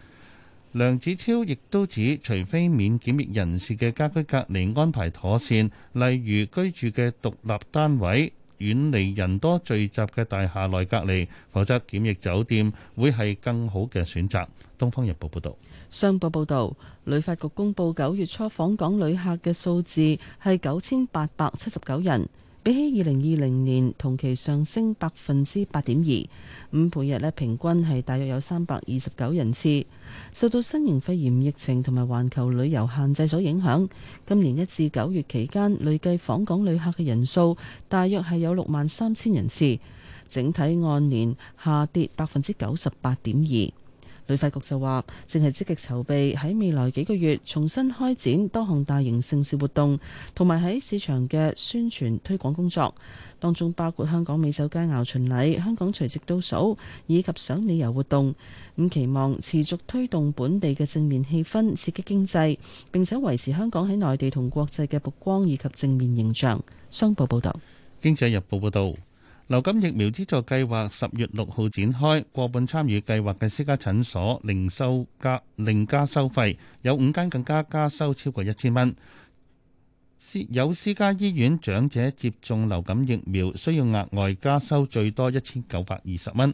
梁子超亦都指，除非免檢疫人士嘅家居隔離安排妥善，例如居住嘅獨立單位、遠離人多聚集嘅大廈內隔離，否則檢疫酒店會係更好嘅選擇。《東方日報》報道。商報報道，旅發局公布九月初訪港旅客嘅數字係九千八百七十九人，比起二零二零年同期上升百分之八點二五。每日呢，平均係大約有三百二十九人次。受到新型肺炎疫情同埋環球旅遊限制所影響，今年一至九月期間累計訪港旅客嘅人數大約係有六萬三千人次，整體按年下跌百分之九十八點二。旅發局就話，正係積極籌備喺未來幾個月重新開展多項大型盛事活動，同埋喺市場嘅宣傳推廣工作，當中包括香港美酒佳餚巡禮、香港除夕倒數以及賞旅遊活動。咁期望持續推動本地嘅正面氣氛，刺激經濟，並且維持香港喺內地同國際嘅曝光以及正面形象。商報報道，《經濟日報》報道。流感疫苗資助計劃十月六號展開，過半參與計劃嘅私家診所另收加另加收費，有五間更加加收超過一千蚊。私有私家醫院長者接種流感疫苗需要額外加收最多一千九百二十蚊。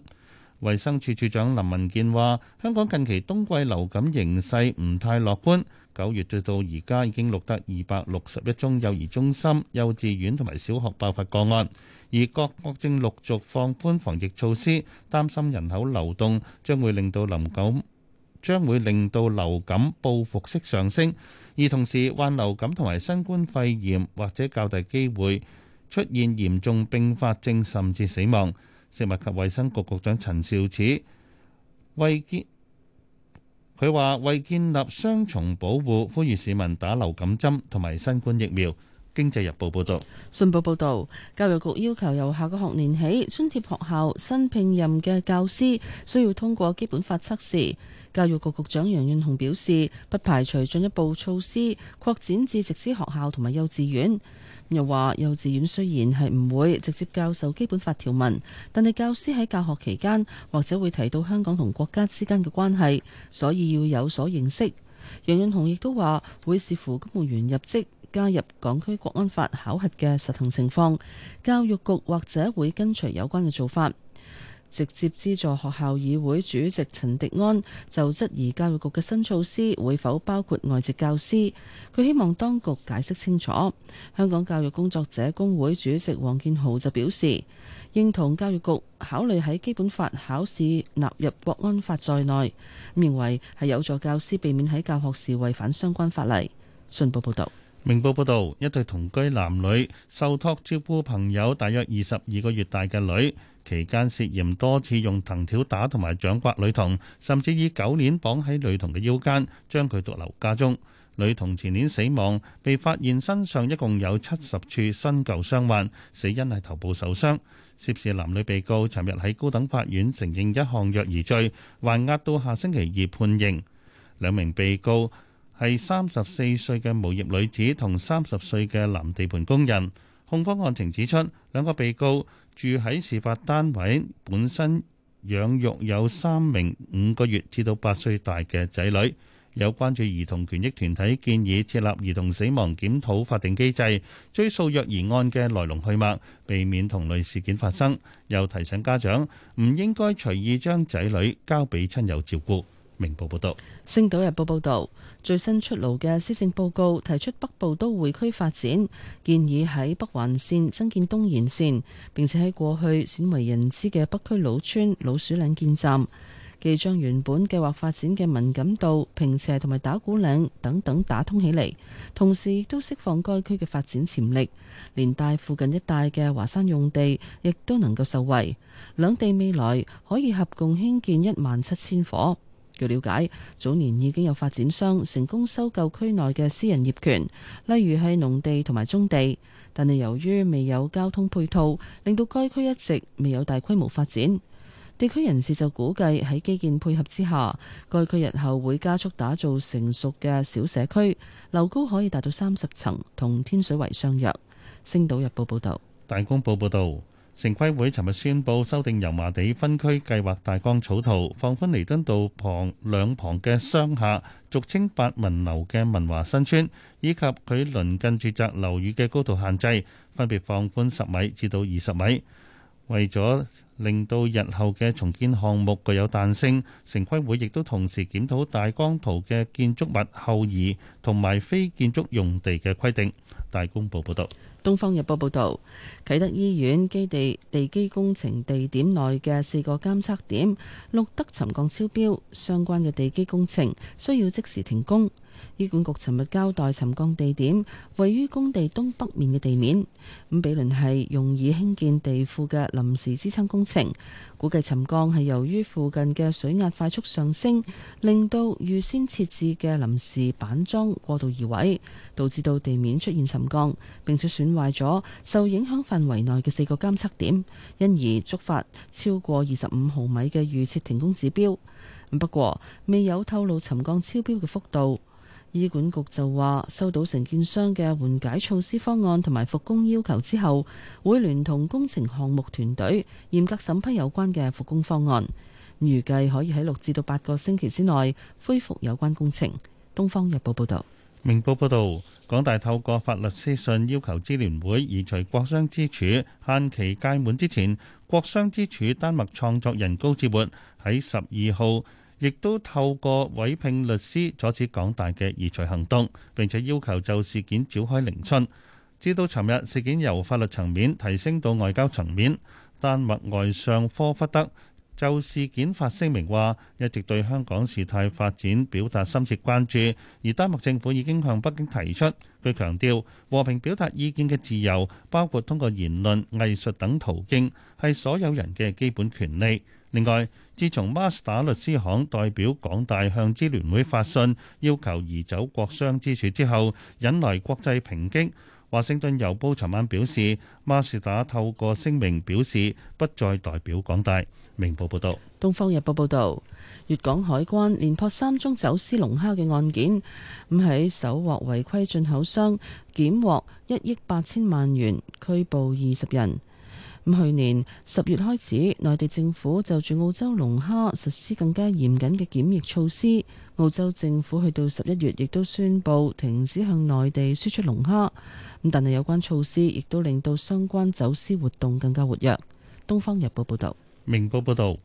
衛生署署長林文健話，香港近期冬季流感形勢唔太樂觀。九月再到而家已經錄得二百六十一宗幼兒中心、幼稚園同埋小學爆發個案，而各國正陸續放寬防疫措施，擔心人口流動將會令到流感將會令到流感報復式上升，而同時患流感同埋新冠肺炎或者較大機會出現嚴重併發症甚至死亡。食物及衛生局局長陳肇始為健。佢話：為建立雙重保護，呼籲市民打流感針同埋新冠疫苗。經濟日報報導，信報報導，教育局要求由下個學年起，津貼學校新聘任嘅教師需要通過基本法測試。教育局局長楊潤雄表示，不排除進一步措施擴展至直資學校同埋幼稚園。又話幼稚園雖然係唔會直接教授基本法條文，但係教師喺教學期間，或者會提到香港同國家之間嘅關係，所以要有所認識。楊潤雄亦都話會視乎公務員入職，加入港區國安法考核嘅實行情況，教育局或者會跟隨有關嘅做法。直接資助學校議會主席陳迪安就質疑教育局嘅新措施會否包括外籍教師，佢希望當局解釋清楚。香港教育工作者工會主席王建豪就表示，認同教育局考慮喺基本法考試納入國安法在內，認為係有助教師避免喺教學時違反相關法例。信報報道：「明報報道，一對同居男女受託照顧朋友，大約二十二個月大嘅女。期間涉嫌多次用藤條打同埋掌摑女童，甚至以狗鏈綁喺女童嘅腰間，將佢獨留家中。女童前年死亡，被發現身上一共有七十處新舊傷患，死因係頭部受傷。涉事男女被告尋日喺高等法院承認一項虐兒罪，還押到下星期二判刑。兩名被告係三十四歲嘅無業女子同三十歲嘅男地盤工人。控方案情指出，兩個被告住喺事發單位，本身養育有三名五個月至到八歲大嘅仔女。有關注兒童權益團體建議設立兒童死亡檢討法定機制，追溯虐兒案嘅來龍去脈，避免同類事件發生。又提醒家長唔應該隨意將仔女交俾親友照顧，明報報道。星島日報報導。最新出爐嘅施政報告提出北部都會區發展建議，喺北環綫增建東延綫，並且喺過去鮮為人知嘅北區老村老鼠嶺建站，既將原本計劃發展嘅文錦渡、坪輋同埋打鼓嶺等等打通起嚟，同時亦都釋放該區嘅發展潛力，連帶附近一帶嘅華山用地亦都能夠受惠，兩地未來可以合共興建一萬七千伙。據了解，早年已經有發展商成功收購區內嘅私人業權，例如係農地同埋中地，但係由於未有交通配套，令到該區一直未有大規模發展。地區人士就估計喺基建配合之下，該區日後會加速打造成熟嘅小社區，樓高可以達到三十層，同天水圍相若。星島日報報道。大公報報道。城規會尋日宣佈修訂油麻地分區計劃大綱草圖，放寬彌敦道旁兩旁嘅商廈，俗稱八文樓嘅文華新村，以及佢鄰近住宅樓宇嘅高度限制，分別放寬十米至到二十米，為咗。令到日後嘅重建項目具有彈性，城規會亦都同時檢討大綱圖嘅建築物後移同埋非建築用地嘅規定。大公報報道，東方日報報道，啟德醫院基地地基工程地點內嘅四個監測點錄得沉降超標，相關嘅地基工程需要即時停工。醫管局尋日交代沉降地點位於工地東北面嘅地面，五比零係用以興建地庫嘅臨時支撐工程。估計沉降係由於附近嘅水壓快速上升，令到預先設置嘅臨時板樁過度移位，導致到地面出現沉降，並且損壞咗受影響範圍內嘅四個監測點，因而觸發超過二十五毫米嘅預設停工指標。不過，未有透露沉降超標嘅幅度。醫管局就話，收到承建商嘅緩解措施方案同埋復工要求之後，會聯同工程項目團隊嚴格審批有關嘅復工方案，預計可以喺六至到八個星期之內恢復有關工程。《東方日報》報道。《明報》報道，港大透過法律書信要求支聯會，移除國殤之柱限期屆滿之前，國殤之柱丹麥創作人高志活喺十二號。亦都透過委聘律師阻止港大嘅移除行動，並且要求就事件召開聆訊。至到尋日事件由法律層面提升到外交層面，丹麥外相科弗德就事件發聲明話：一直對香港事態發展表達深切關注，而丹麥政府已經向北京提出。佢強調和平表達意見嘅自由，包括通過言論、藝術等途徑，係所有人嘅基本權利。另外，自從孖士打律師行代表港大向支聯會發信要求移走國殤之柱之後，引來國際抨擊。華盛頓郵報尋晚表示，孖士打透過聲明表示不再代表港大。明報報道，東方日報報道，粵港海關連破三宗走私龍蝦嘅案件，咁喺手獲違規進口商，檢獲一億八千萬元，拘捕二十人。咁去年十月開始，內地政府就住澳洲龍蝦實施更加嚴謹嘅檢疫措施。澳洲政府去到十一月，亦都宣布停止向內地輸出龍蝦。咁但係有關措施，亦都令到相關走私活動更加活躍。《東方日報》報道。《明報》報道。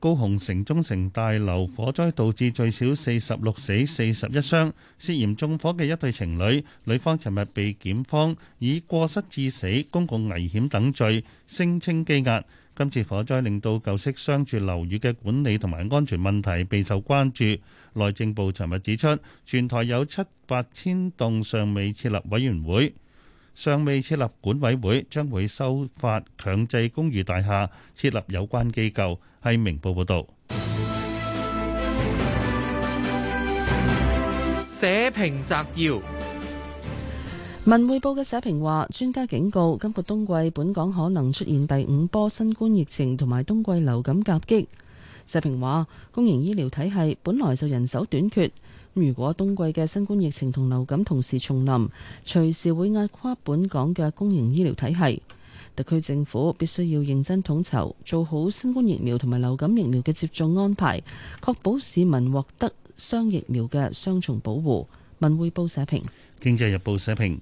高雄城中城大樓火災導致最少四十六死四十一傷，涉嫌縱火嘅一對情侶女方，尋日被檢方以過失致死、公共危險等罪聲稱羈押。今次火災令到舊式商住樓宇嘅管理同埋安全問題備受關注。內政部尋日指出，全台有七八千棟尚未設立委員會。尚未設立管委會，將會修法強制公寓大廈設立有關機構。係明報報道，社評摘要。文匯報嘅社評話，專家警告今個冬季本港可能出現第五波新冠疫情同埋冬季流感夾擊。社評話，公營醫療體系本來就人手短缺。如果冬季嘅新冠疫情同流感同時重臨，隨時會壓垮本港嘅公營醫療體系，特區政府必須要認真統籌，做好新冠疫苗同埋流感疫苗嘅接種安排，確保市民獲得雙疫苗嘅雙重保護。文匯報社評，經濟日報社評。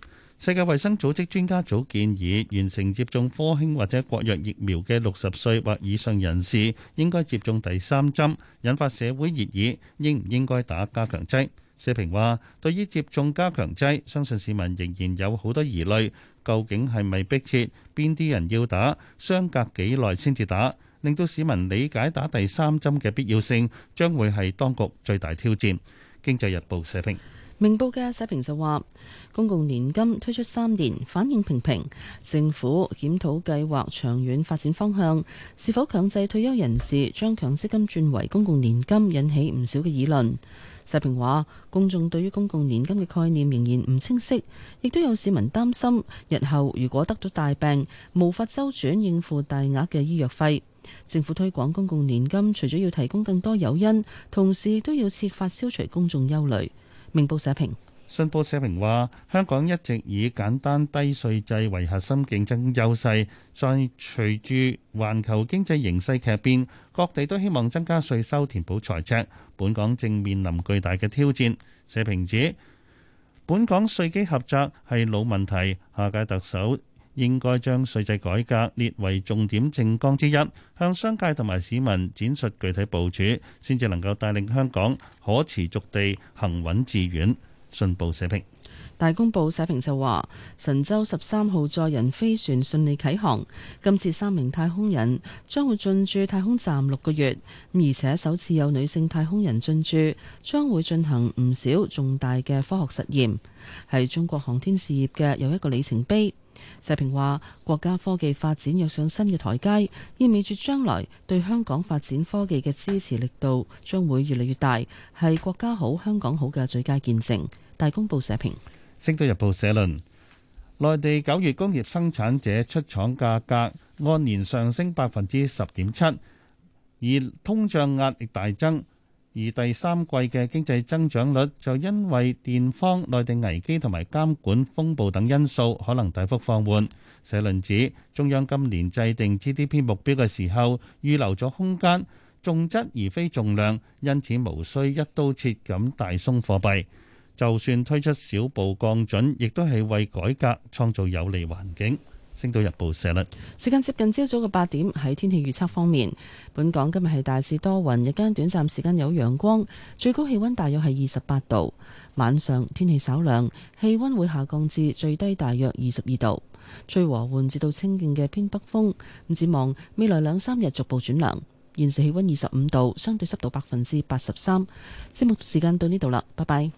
世界衛生組織專家組建議，完成接種科興或者國藥疫苗嘅六十歲或以上人士，應該接種第三針，引發社會熱議。應唔應該打加強劑？社評話，對於接種加強劑，相信市民仍然有好多疑慮，究竟係咪迫切？邊啲人要打？相隔幾耐先至打？令到市民理解打第三針嘅必要性，將會係當局最大挑戰。經濟日報社評。明報嘅社評就話，公共年金推出三年，反應平平。政府檢討計劃長遠發展方向，是否強制退休人士將強積金轉為公共年金，引起唔少嘅議論。社評話，公眾對於公共年金嘅概念仍然唔清晰，亦都有市民擔心，日後如果得咗大病，無法周轉應付大額嘅醫藥費。政府推廣公共年金，除咗要提供更多誘因，同時都要設法消除公眾憂慮。明報社評，信報社評話，香港一直以簡單低稅制為核心競爭優勢。再隨住環球經濟形勢劇變，各地都希望增加稅收填補財赤，本港正面臨巨大嘅挑戰。社評指，本港稅基狹窄係老問題，下屆特首。應該將稅制改革列為重點政綱之一，向商界同埋市民展述具體部署，先至能夠帶領香港可持續地行穩致遠。信報社評。大公報社評就話：神舟十三號載人飛船順利啟航，今次三名太空人將會進駐太空站六個月，而且首次有女性太空人進駐，將會進行唔少重大嘅科學實驗，係中國航天事業嘅有一個里程碑。社評話，國家科技發展躍上新嘅台階，意味住將來對香港發展科技嘅支持力度將會越嚟越大，係國家好香港好嘅最佳見證。大公報社評。星島日報社論，內地九月工業生產者出廠價格按年上升百分之十點七，而通脹壓力大增。而第三季嘅經濟增長率就因為電荒、內地危機同埋監管風暴等因素，可能大幅放緩。社論指中央今年制定 GDP 目標嘅時候，預留咗空間，重質而非重量，因此無需一刀切咁大鬆貨幣，就算推出小步降準亦都係為改革創造有利環境。星島日報社律。時間接近朝早嘅八點。喺天氣預測方面，本港今日係大致多雲，日間短暫時間有陽光，最高氣溫大約係二十八度。晚上天氣稍涼，氣溫會下降至最低大約二十二度，吹和緩至到清勁嘅偏北風。咁展望未來兩三日逐步轉涼。現時氣溫二十五度，相對濕度百分之八十三。節目時間到呢度啦，拜拜。